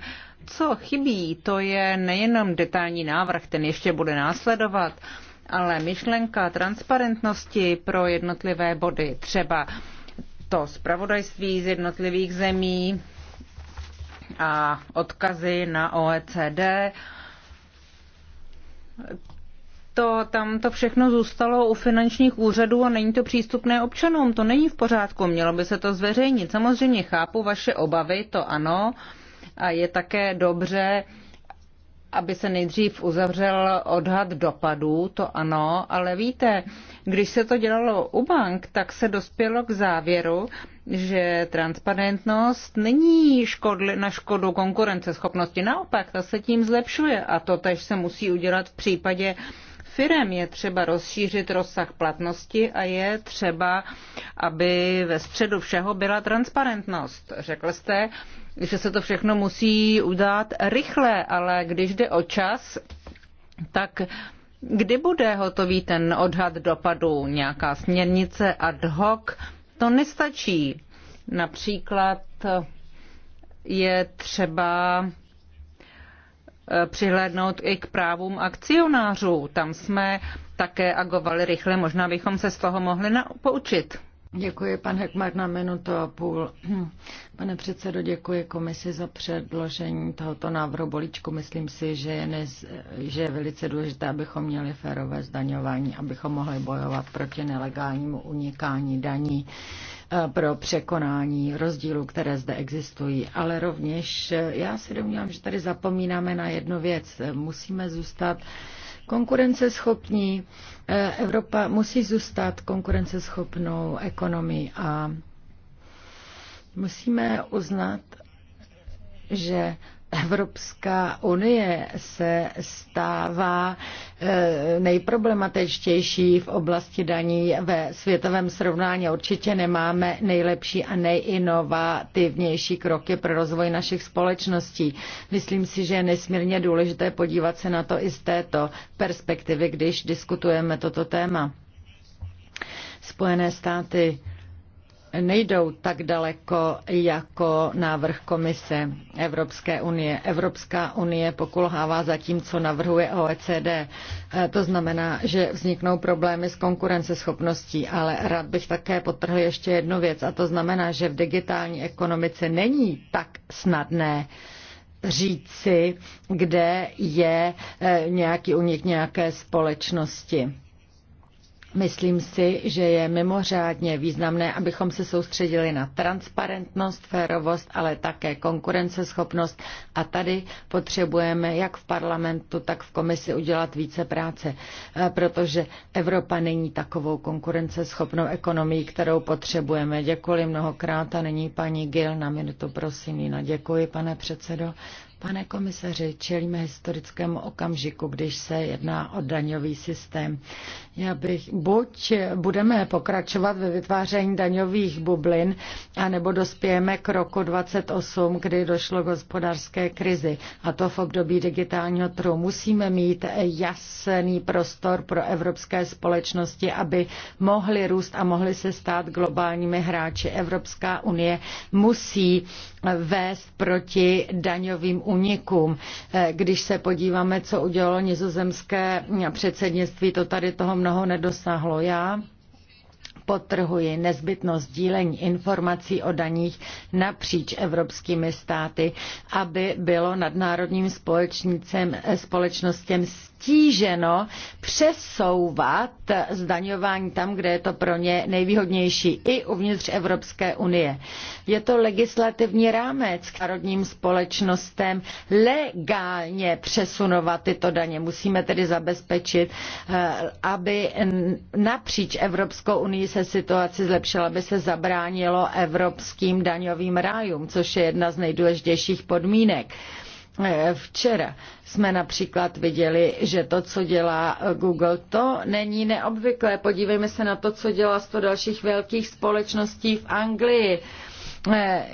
co chybí, to je nejenom detailní návrh, ten ještě bude následovat, ale myšlenka transparentnosti pro jednotlivé body, třeba to zpravodajství z jednotlivých zemí a odkazy na OECD, to, tam to všechno zůstalo u finančních úřadů a není to přístupné občanům. To není v pořádku, mělo by se to zveřejnit. Samozřejmě chápu vaše obavy, to ano. Uh, a je také dobře, aby se nejdřív uzavřel odhad dopadů, to ano, ale víte, když se to dělalo u bank, tak se dospělo k závěru, že transparentnost není škodli, na škodu konkurenceschopnosti, naopak, ta se tím zlepšuje a to tež se musí udělat v případě uh, firem. Je třeba rozšířit rozsah platnosti a je třeba, aby ve středu všeho byla transparentnost. Řekl jste, že se to všechno musí udát rychle, ale když jde o čas, tak kdy bude hotový ten odhad dopadu? Nějaká směrnice ad hoc? To nestačí. Například je třeba Eh, přihlédnout i k právům akcionářů. Tam jsme také agovali rychle, možná bychom se z toho mohli poučit. Děkuji, pan Hekmar, na minutu a půl. Pane předsedo, děkuji komisi za předložení tohoto návrhu bolíčku. Myslím si, že je, nez, že je velice důležité, abychom měli férové zdaňování, abychom mohli bojovat proti nelegálnímu unikání daní Eh, pro překonání rozdílů, které zde existují. Ale rovněž eh, já si domnívám, že tady zapomínáme na jednu věc. Musíme zůstat konkurenceschopní. Eh, Evropa musí zůstat konkurenceschopnou ekonomii a musíme uznat, že Evropská unie se stává eh, nejproblematičtější v oblasti daní ve světovém srovnání. Určitě nemáme nejlepší a nejinovativnější kroky pro rozvoj našich společností. Myslím si, že je nesmírně důležité podívat se na to i z této perspektivy, když diskutujeme toto téma. Spojené státy nejdou tak daleko jako návrh komise Evropské unie. Evropská unie pokulhává za tím, co navrhuje OECD. E, to znamená, že vzniknou problémy s konkurenceschopností, ale rád bych také potrhl ještě jednu věc a to znamená, že v digitální ekonomice není tak snadné říci, kde je e, nějaký unik nějaké společnosti Myslím si, že je mimořádně významné, abychom se soustředili na transparentnost, férovost, ale také konkurenceschopnost. A tady potřebujeme jak v parlamentu, tak v komisi udělat více práce, eh, protože Evropa není takovou konkurenceschopnou ekonomií, kterou potřebujeme. Děkuji mnohokrát a není paní Gil na minutu, prosím, Nina. Děkuji, pane předsedo. Pane komisaři, čelíme historickému okamžiku, když se jedná o daňový systém. Já bych, buď budeme pokračovat ve vytváření daňových bublin, anebo dospějeme k roku 28, kdy došlo k hospodářské krizi. A to v období digitálního trhu. Musíme mít jasný prostor pro evropské společnosti, aby mohly růst a mohly se stát globálními hráči. Evropská unie musí vést proti daňovým únikům. Eh, když se podíváme, co udělalo nizozemské předsednictví, to tady toho mnoho nedosáhlo. Já potrhuji nezbytnost sdílení informací o daních napříč evropskými státy, aby bylo nadnárodním společnicem, společnostem zatíženo přesouvat zdaňování tam, kde je to pro ně nejvýhodnější, i uvnitř Evropské unie. Je to legislativní rámec k národním společnostem legálně přesunovat tyto daně. Musíme tedy zabezpečit, eh, aby napříč Evropskou unii se situace zlepšila, aby se zabránilo evropským daňovým rájům, což je jedna z nejdůležitějších podmínek. Eh, včera jsme například viděli, že to, co dělá eh, Google, to není neobvyklé. Podívejme se na to, co dělá sto dalších velkých společností v Anglii. Eh,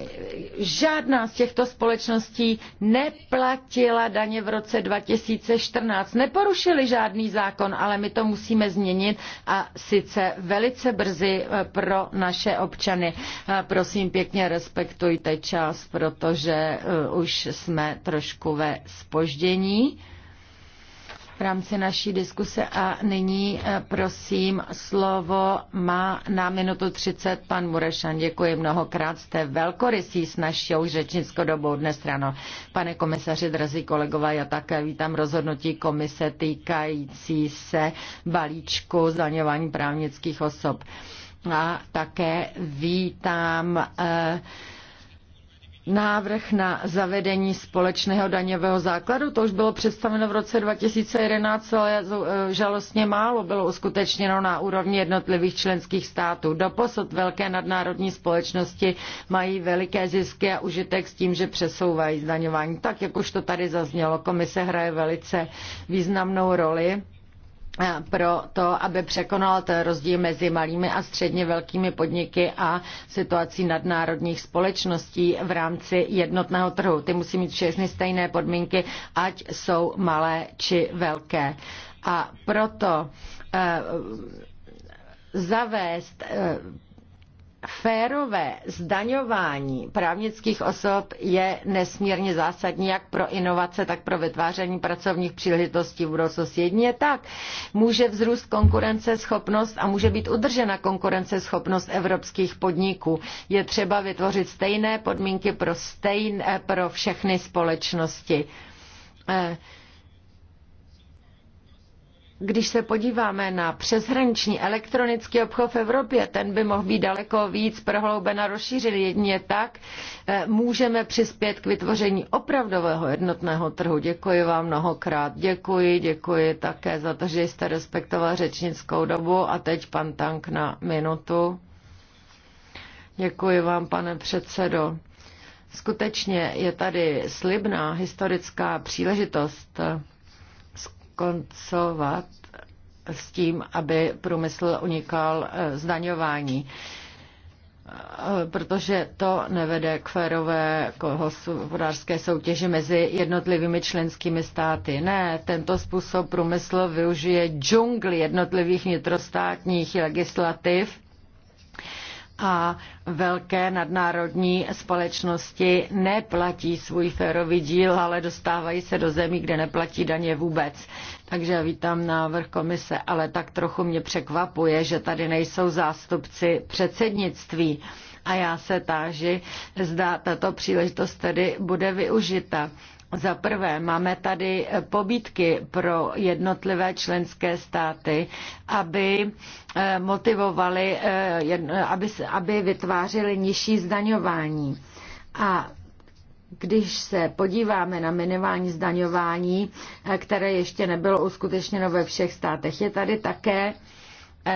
žádná z těchto společností neplatila daně v roce 2014. Neporušili žádný zákon, ale my to musíme změnit a sice velice brzy eh, pro naše občany. Eh, prosím pěkně, respektujte čas, protože už jsme trošku ve spoždění v rámci naší diskuse a nyní eh, prosím slovo má na minutu 30 pan Murešan. Děkuji mnohokrát, jste velkorysý s našou řečnickou dobou dnes ráno. Pane komisaři, drazí kolegové, já také vítám rozhodnutí komise týkající se balíčku zdaňování právnických osob. A také vítám eh, návrh na zavedení společného daňového základu. To už bylo představeno v roce 2011, ale e, žalostně málo bylo uskutečněno na úrovni jednotlivých členských států. Doposud velké nadnárodní společnosti mají veliké zisky a užitek s tím, že přesouvají zdaňování. Tak, jak už to tady zaznělo, komise hraje velice významnou roli pro to, aby překonal ten rozdíl mezi malými a středně velkými podniky a situací nadnárodních společností v rámci jednotného trhu. Ty musí mít všechny stejné podmínky, ať jsou malé či velké. A proto eh, zavést eh, Férové zdaňování právnických osob je nesmírně zásadní jak pro inovace, tak pro vytváření pracovních příležitostí v budoucnosti. Jedině tak může vzrůst konkurenceschopnost a může být udržena konkurenceschopnost evropských podniků. Je třeba vytvořit stejné podmínky pro, stejn, eh, pro všechny společnosti. Eh, když se podíváme na přeshraniční elektronický obchod v Evropě, ten by mohl být daleko víc prohlouben a rozšířen. Jedině tak eh, můžeme přispět k vytvoření opravdového jednotného trhu. Děkuji vám mnohokrát. Děkuji, děkuji také za to, že jste respektoval řečnickou dobu. A teď pan Tank na minutu. Děkuji vám, pane předsedo. Skutečně je tady slibná historická příležitost koncovat s tím, aby průmysl unikal eh, zdaňování eh, protože to nevede k férové hospodářské soutěži mezi jednotlivými členskými státy. Ne, tento způsob průmysl využije džungli jednotlivých vnitrostátních legislativ a velké nadnárodní společnosti neplatí svůj férový díl, ale dostávají se do zemí, kde neplatí daně vůbec. Takže vítám návrh komise, ale tak trochu mě překvapuje, že tady nejsou zástupci předsednictví. A já se táži, zda tato příležitost tedy bude využita. Za prvé, máme tady eh, pobídky pro jednotlivé členské státy, aby eh, motivovali, eh, aby, aby vytvářeli nižší zdaňování. A když se podíváme na minimální zdaňování, které ještě nebylo uskutečněno ve všech státech, je tady také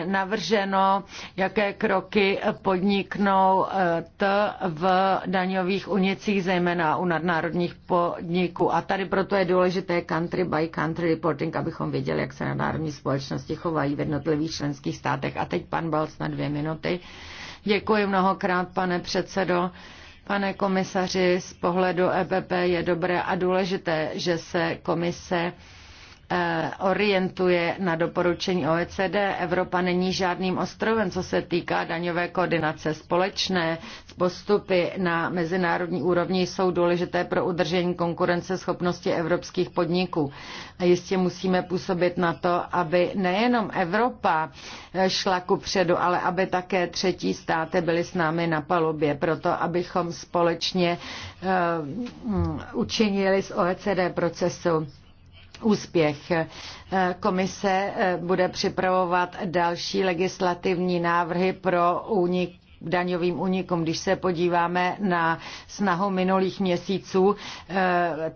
navrženo, jaké kroky podniknou eh, t v daňových unicích, zejména u nadnárodních podniků. A tady proto je důležité country by country reporting, abychom věděli, jak se nadnárodní společnosti chovají v jednotlivých členských státech. A teď pan Balc na dvě minuty. Děkuji mnohokrát, pane předsedo. Pane komisaři, z pohledu EPP je dobré a důležité, že se komise Eh, orientuje na doporučení OECD. Evropa není žádným ostrovem, co se týká daňové koordinace společné. Postupy na mezinárodní úrovni jsou důležité pro udržení konkurenceschopnosti evropských podniků. A Jistě musíme působit na to, aby nejenom Evropa eh, šla ku předu, ale aby také třetí státy byly s námi na palubě, proto abychom společně eh, učinili z OECD procesu úspěch. Eh, komise eh, bude připravovat další legislativní návrhy pro únik daňovým únikům. Když se podíváme na snahu minulých měsíců, eh,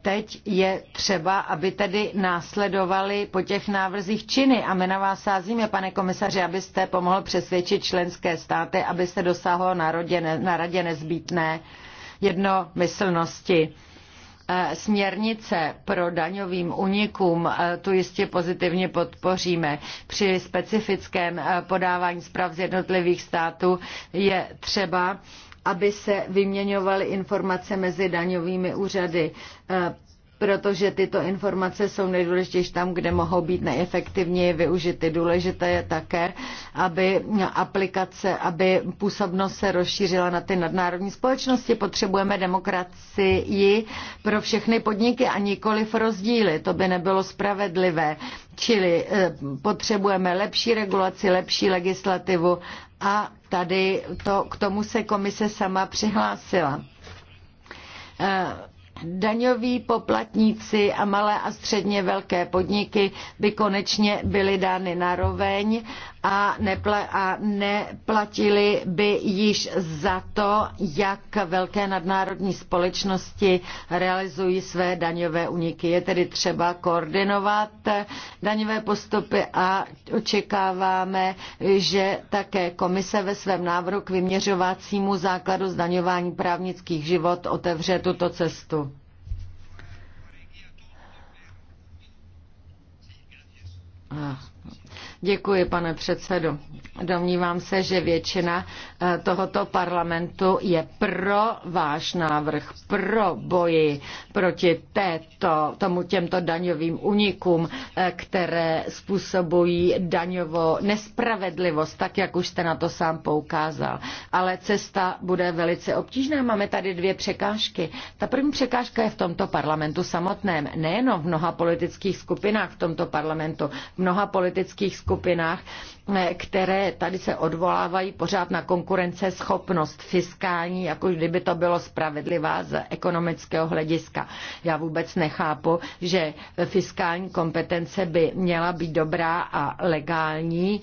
teď je třeba, aby tedy následovali po těch návrzích činy. A my na vás sázíme, pane komisaři, abyste pomohl přesvědčit členské státy, aby se dosáhlo na, rodě, na radě nezbytné jednomyslnosti E, směrnice pro daňovým unikům e, tu jistě pozitivně podpoříme. Při specifickém e, podávání zpráv z jednotlivých států je třeba aby se vyměňovaly informace mezi daňovými úřady protože tyto informace jsou nejdůležitější tam, kde mohou být neefektivně využity. Důležité je také, aby aplikace, aby působnost se rozšířila na ty nadnárodní společnosti. Potřebujeme demokracii pro všechny podniky a nikoliv rozdíly. To by nebylo spravedlivé. Čili eh, potřebujeme lepší regulaci, lepší legislativu a tady to, k tomu se komise sama přihlásila eh, daňoví poplatníci a malé a středně velké podniky by konečně byly dány naroveň a, nepla- a neplatili by již za to, jak velké nadnárodní společnosti realizují své daňové uniky. Je tedy třeba koordinovat daňové postupy a očekáváme, že také komise ve svém návrhu k vyměřovacímu základu zdaňování právnických život otevře tuto cestu. Ah. Děkuji, pane předsedo. Domnívám se, že většina tohoto parlamentu je pro váš návrh, pro boji proti této, tomu těmto daňovým unikům, eh, které způsobují daňovou nespravedlivost, tak jak už jste na to sám poukázal. Ale cesta bude velice obtížná. Máme tady dvě překážky. Ta první překážka je v tomto parlamentu samotném, nejenom v mnoha politických skupinách v tomto parlamentu, v mnoha politických skupinách, eh, které tady se odvolávají pořád na konkurenci konkurenceschopnost fiskální, jako kdyby to bylo spravedlivá z ekonomického hlediska. Já vůbec nechápu, že fiskální kompetence by měla být dobrá a legální,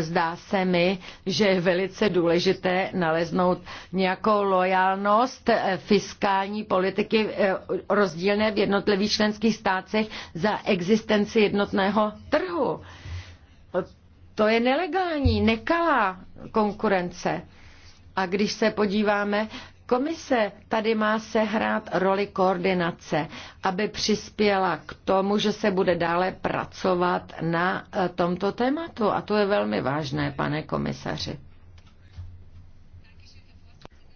Zdá se mi, že je velice důležité naleznout nějakou lojalnost fiskální politiky eh, rozdílné v jednotlivých členských státech za existenci jednotného trhu. To je nelegální, nekalá konkurence. A když se podíváme, Komise tady má se hrát roli koordinace, aby přispěla k tomu, že se bude dále pracovat na eh, tomto tématu. A to je velmi vážné, pane komisaři.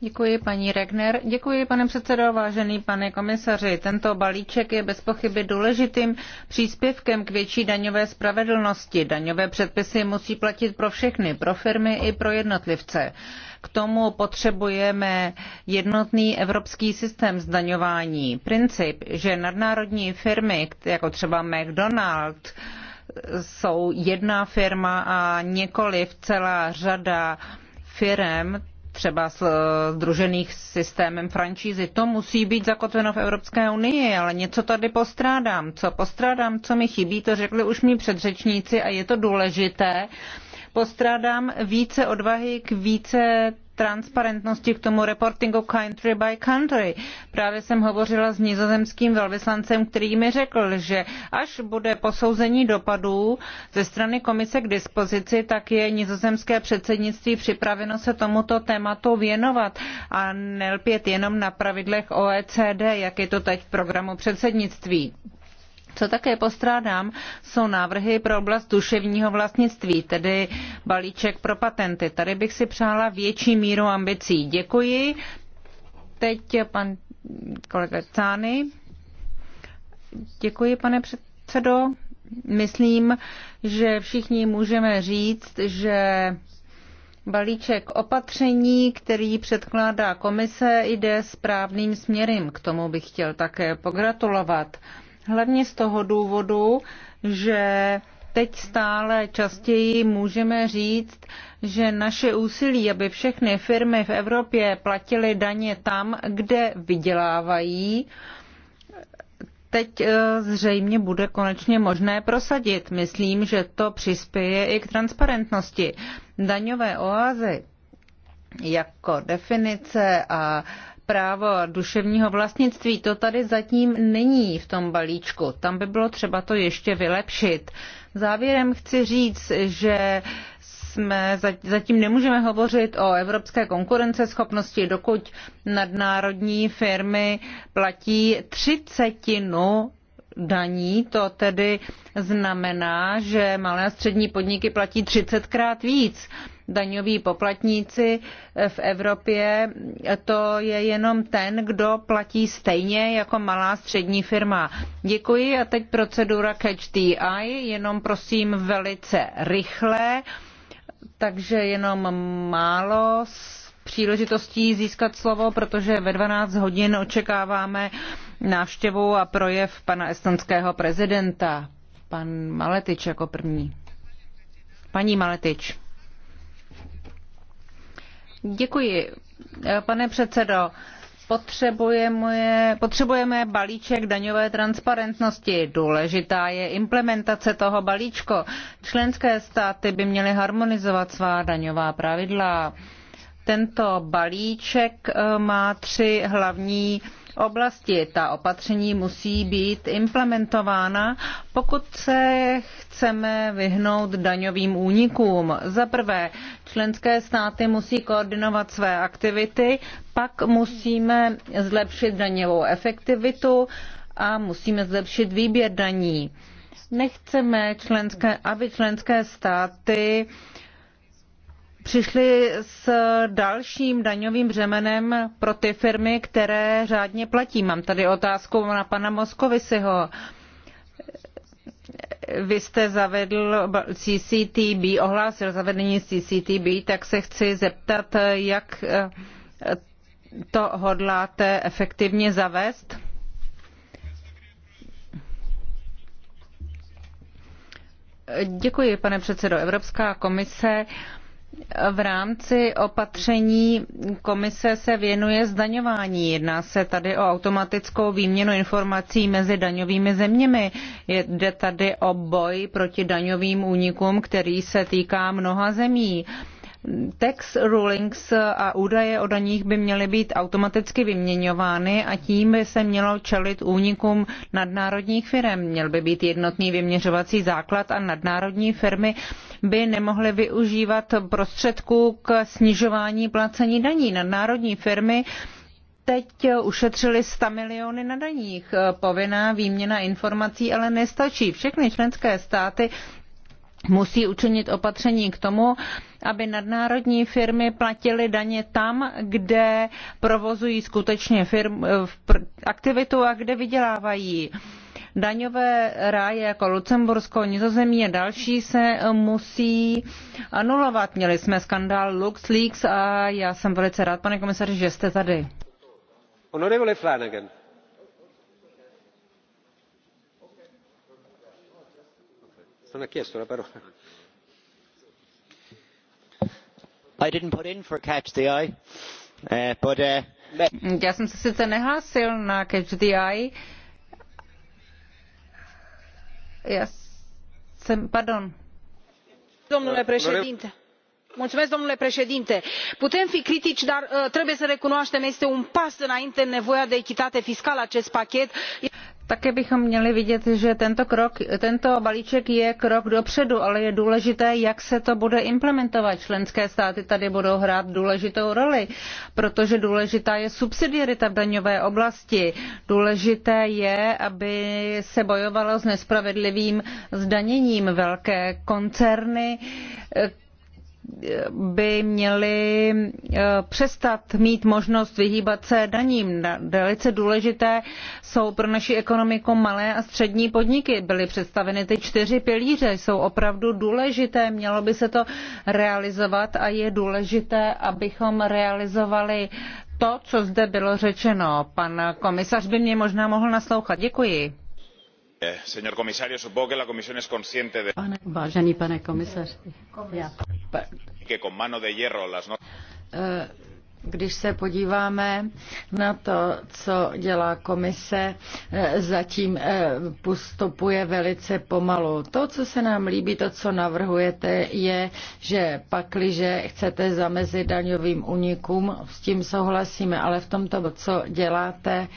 Děkuji, paní Regner. Děkuji, pane předsedo, vážený pane komisaři. Tento balíček je bez pochyby důležitým příspěvkem k větší daňové spravedlnosti. Daňové předpisy musí platit pro všechny, pro firmy i pro jednotlivce. K tomu potřebujeme jednotný evropský systém zdaňování. Princip, že nadnárodní firmy, jako třeba McDonald's, jsou jedna firma a nikoliv celá řada firem, třeba s eh, systémem francízy. To musí být zakotveno v Evropské unii, ale něco tady postrádám. Co postrádám, co mi chybí, to řekli už mý předřečníci a je to důležité. Postrádám více odvahy k více transparentnosti k tomu reportingu country by country. Právě jsem hovořila s nizozemským velvyslancem, který mi řekl, že až bude posouzení dopadů ze strany komise k dispozici, tak je nizozemské předsednictví připraveno se tomuto tématu věnovat a nelpět jenom na pravidlech OECD, jak je to teď v programu předsednictví. Co také postrádám, jsou návrhy pro oblast duševního vlastnictví, tedy balíček pro patenty. Tady bych si přála větší míru ambicí. Děkuji. Teď pan kolega Cány. Děkuji, pane předsedo. Myslím, že všichni můžeme říct, že balíček opatření, který předkládá komise, jde správným směrem. K tomu bych chtěl také pogratulovat. Hlavně z toho důvodu, že teď stále častěji můžeme říct, že naše úsilí, aby všechny firmy v Evropě platily daně tam, kde vydělávají, teď eh, zřejmě bude konečně možné prosadit. Myslím, že to přispěje i k transparentnosti. Daňové oázy jako definice a právo duševního vlastnictví, to tady zatím není v tom balíčku. Tam by bylo třeba to ještě vylepšit. Závěrem chci říct, že jsme, zatím nemůžeme hovořit o evropské konkurenceschopnosti, dokud nadnárodní firmy platí třicetinu daní, to tedy znamená, že malé a střední podniky platí 30krát víc. Daňoví poplatníci v Evropě to je jenom ten, kdo platí stejně jako malá střední firma. Děkuji a teď procedura Catch the Eye, jenom prosím velice rychle, takže jenom málo příležitostí získat slovo, protože ve 12 hodin očekáváme návštěvu a projev pana estonského prezidenta. Pan Maletič jako první. Paní Maletič. Děkuji. Pane předsedo, Potřebujeme, potřebujeme balíček daňové transparentnosti. Důležitá je implementace toho balíčku. Členské státy by měly harmonizovat svá daňová pravidla. Tento balíček eh, má tři hlavní oblasti. Ta opatření musí být implementována, pokud se chceme vyhnout daňovým únikům. Za prvé, členské státy musí koordinovat své aktivity, pak musíme zlepšit daňovou efektivitu a musíme zlepšit výběr daní. Nechceme, členské, aby členské státy přišli s dalším daňovým břemenem pro ty firmy, které řádně platí. Mám tady otázku na pana Moskovisiho. Vy jste zavedl CCTB, ohlásil zavedení CCTB, tak se chci zeptat, jak eh, to hodláte efektivně zavést? Děkuji, pane předsedo. Evropská komise v rámci opatření komise se věnuje zdaňování. Jedná se tady o automatickou výměnu informací mezi daňovými zeměmi. Jde tady o boj proti daňovým únikům, který se týká mnoha zemí. Uh, Tax rulings a údaje o daních by měly být automaticky vyměňovány a tím by se mělo čelit únikům nadnárodních firm. Měl by být jednotný vyměřovací základ a nadnárodní firmy by nemohly využívat prostředků k snižování placení daní. Nadnárodní firmy teď ušetřili 100 miliony na daních. Povinná výměna informací ale nestačí. Všechny členské státy musí učinit opatření k tomu, aby nadnárodní firmy platily daně tam, kde provozují skutečně firm, aktivitu a kde vydělávají. Daňové ráje jako Lucembursko, Nizozemí a další se musí anulovat. Měli jsme skandál LuxLeaks a já jsem velice rád, pane komisaři, že jste tady. Honorable Flanagan i didn't put in for catch the eye eh, but eh, já jsem se sice nehlásil na catch the eye já jsem pardon domnule no, no, no, președinte Mulțumesc, domnule președinte putem fi critici dar eh, trebuie să recunoaștem este un pas înainte în nevoia de echitate fiscală acest pachet. Este... Také bychom měli vidět, že tento, krok, tento balíček je krok dopředu, ale je důležité, jak se to bude implementovat. Členské státy tady budou hrát důležitou roli, protože důležitá je subsidiarita v daňové oblasti. Důležité je, aby se bojovalo s nespravedlivým zdaněním velké koncerny, by měli eh, přestat mít možnost vyhýbat se daním. Velice důležité jsou pro naši ekonomiku malé a střední podniky. Byly představeny ty čtyři pilíře, jsou opravdu důležité, mělo by se to realizovat a je důležité, abychom realizovali to, co zde bylo řečeno. Pan komisař by mě možná mohl naslouchat. Děkuji. Eh, pane, vážený pane komisaři, já. No- eh, když se podíváme na to, co dělá komise, eh, zatím postupuje velice pomalu. To, co se nám líbí, to, co navrhujete, je, že pakliže chcete zamezit daňovým unikům, s tím souhlasíme, ale v tomto, co děláte,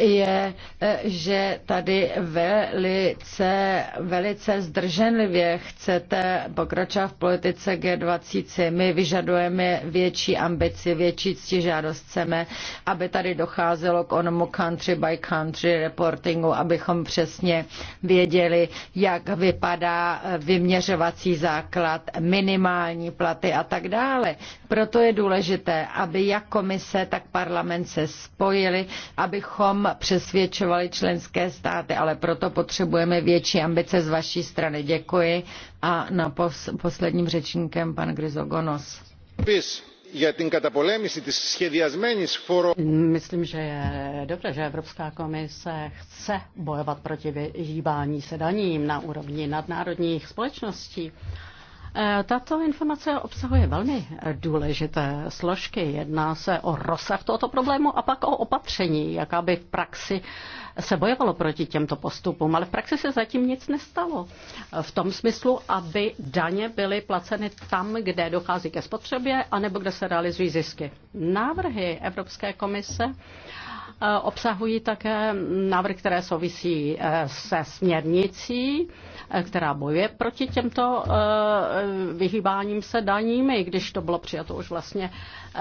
je, e, že tady velice, velice zdrženlivě chcete pokračovat v politice G20. My vyžadujeme větší ambici, větší ctižádost. Chceme, aby tady docházelo k onomu country by country reportingu, abychom přesně věděli, jak vypadá vyměřovací základ, minimální platy a tak dále. Proto je důležité, aby jak komise, tak parlament se spojili, abychom přesvědčovali členské státy, ale proto potřebujeme větší ambice z vaší strany. Děkuji. A na pos- posledním řečníkem pan Grizogonos. Myslím, že je dobře, že Evropská komise chce bojovat proti vyhýbání se daním na úrovni nadnárodních společností. Eh, tato informace obsahuje velmi eh, důležité složky. Jedná se o rozsah tohoto problému a pak o opatření, jaká by v praxi se bojovalo proti těmto postupům, ale v praxi se zatím nic nestalo. Eh, v tom smyslu, aby daně byly placeny tam, kde dochází ke spotřebě, anebo kde se realizují zisky. Návrhy Evropské komise obsahují také návrhy které souvisí se směrnicí Eh, která bojuje proti těmto eh, vyhýbáním se daním, i když to bylo přijato už vlastně eh,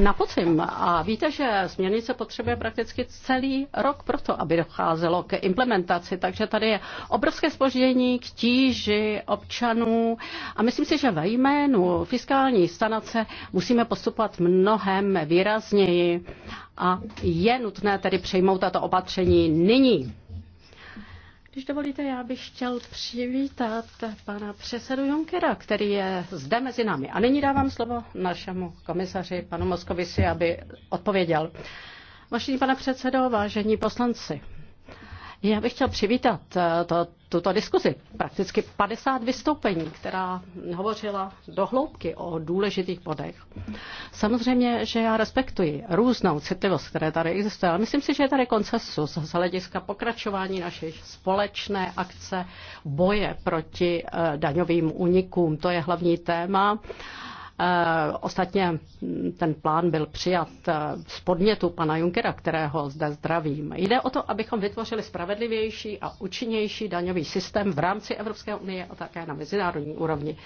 na podzim. A víte, že směrnice potřebuje prakticky celý rok proto, aby docházelo k implementaci, takže tady je obrovské spoždění k tíži občanů a myslím si, že ve jménu fiskální stanace musíme postupovat mnohem výrazněji a je nutné tedy přijmout tato opatření nyní. Když dovolíte, já bych chtěl přivítat pana předsedu Junkera, který je zde mezi námi. A nyní dávám slovo našemu komisaři, panu Moskovisi, aby odpověděl. Vážení pane předsedo, vážení poslanci, já bych chtěl přivítat eh, to, tuto diskuzi. Prakticky 50 vystoupení, která hovořila do hloubky o důležitých bodech. Samozřejmě, že já respektuji různou citlivost, které tady existuje, ale myslím si, že je tady koncesus z hlediska pokračování naší společné akce boje proti eh, daňovým unikům. To je hlavní téma Eh, ostatně mm, ten plán byl přijat eh, z podnětu pana Junkera, kterého zde zdravím. Jde o to, abychom vytvořili spravedlivější a účinnější daňový systém v rámci Evropské unie a také na mezinárodní úrovni.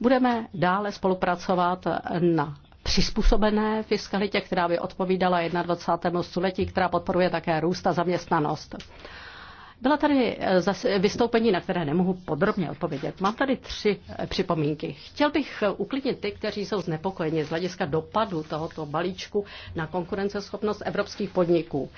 Budeme dále spolupracovat na přizpůsobené fiskalitě, která by odpovídala 21. století, která podporuje také růst a zaměstnanost. Byla tady eh, zase eh, vystoupení, na které nemohu podrobně odpovědět. Mám tady tři eh, připomínky. Chtěl bych uklidnit ty, kteří jsou znepokojeni z hlediska dopadu tohoto balíčku na konkurenceschopnost evropských podniků.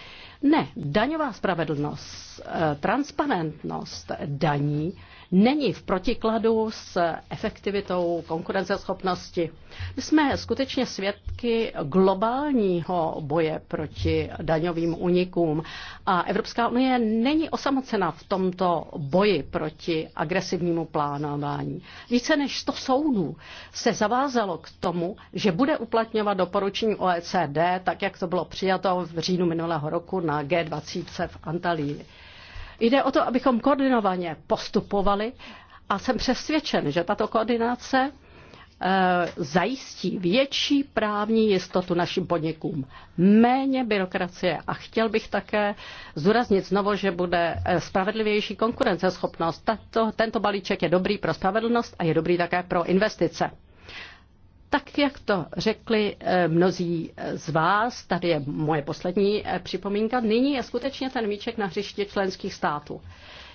Ne, daňová spravedlnost, transparentnost daní není v protikladu s efektivitou konkurenceschopnosti. My jsme skutečně svědky globálního boje proti daňovým unikům a Evropská unie není osamocena v tomto boji proti agresivnímu plánování. Více než 100 soudů se zavázalo k tomu, že bude uplatňovat doporučení OECD, tak jak to bylo přijato v říjnu minulého roku na G20 v Antalii. Jde o to, abychom koordinovaně postupovali a jsem přesvědčen, že tato koordinace eh, zajistí větší právní jistotu našim podnikům, méně byrokracie a chtěl bych také zúraznit znovu, že bude eh, spravedlivější konkurenceschopnost. tento balíček je dobrý pro spravedlnost a je dobrý také pro investice. Tak, jak to řekli eh, mnozí eh, z vás, tady je moje poslední eh, připomínka, nyní je skutečně ten míček na hřiště členských států.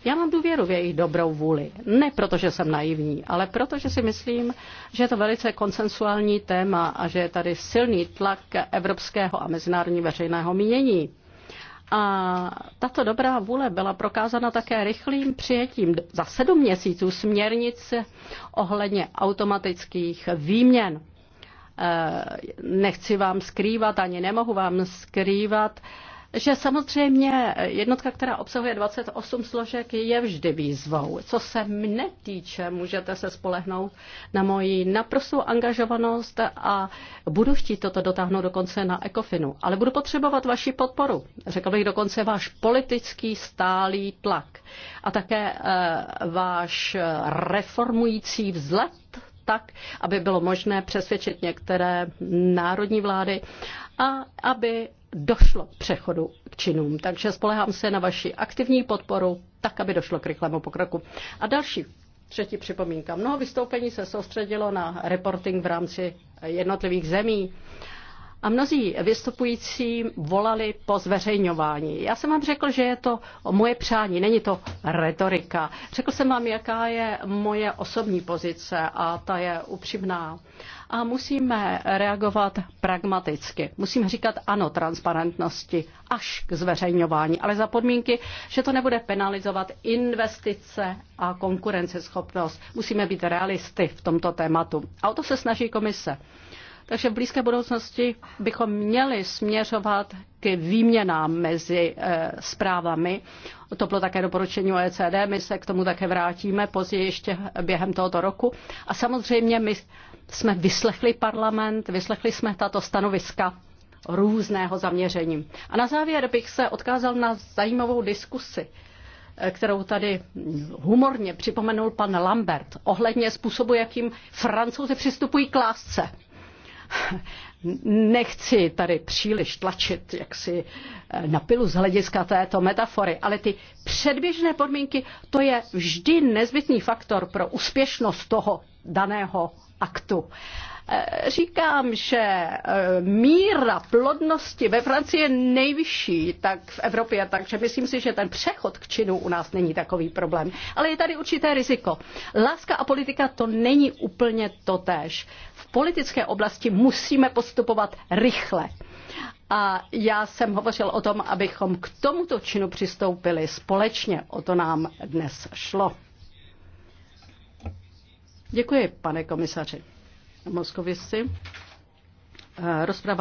Já mám důvěru v jejich dobrou vůli. Ne proto, že jsem naivní, ale proto, že si myslím, že je to velice konsensuální téma a že je tady silný tlak evropského a mezinárodní veřejného mínění. A tato dobrá vůle byla prokázána také rychlým přijetím za sedm měsíců směrnice ohledně automatických výměn. E, nechci vám skrývat, ani nemohu vám skrývat, že samozřejmě jednotka, která obsahuje 28 složek, je vždy výzvou. Co se mne týče, můžete se spolehnout na moji naprostou angažovanost a budu chtít toto dotáhnout dokonce na ECOFINu. Ale budu potřebovat vaši podporu. Řekl bych dokonce váš politický stálý tlak a také eh, váš reformující vzlet tak, aby bylo možné přesvědčit některé národní vlády a aby došlo k přechodu k činům. Takže spolehám se na vaši aktivní podporu, tak, aby došlo k rychlému pokroku. A další třetí připomínka. Mnoho vystoupení se soustředilo na reporting v rámci jednotlivých zemí a mnozí vystupující volali po zveřejňování. Já jsem vám řekl, že je to moje přání, není to retorika. Řekl jsem vám, jaká je moje osobní pozice a ta je upřímná. A musíme reagovat pragmaticky. Musíme říkat ano transparentnosti až k zveřejňování, ale za podmínky, že to nebude penalizovat investice a konkurenceschopnost. Musíme být realisty v tomto tématu. A o to se snaží komise. Takže v blízké budoucnosti bychom měli směřovat k výměnám mezi eh, zprávami. To bylo také doporučení OECD, my se k tomu také vrátíme později ještě během tohoto roku. A samozřejmě my jsme vyslechli parlament, vyslechli jsme tato stanoviska různého zaměření. A na závěr bych se odkázal na zajímavou diskusi, eh, kterou tady humorně připomenul pan Lambert ohledně způsobu, jakým francouzi přistupují k lásce nechci tady příliš tlačit jaksi eh, na pilu z hlediska této metafory, ale ty předběžné podmínky, to je vždy nezbytný faktor pro úspěšnost toho daného aktu. Eh, říkám, že eh, míra plodnosti ve Francii je nejvyšší tak v Evropě, takže myslím si, že ten přechod k činu u nás není takový problém. Ale je tady určité riziko. Láska a politika to není úplně totéž politické oblasti musíme postupovat rychle. A já jsem hovořil o tom, abychom k tomuto činu přistoupili společně. O to nám dnes šlo. Děkuji, pane komisaři Moskovici. Eh, rozprava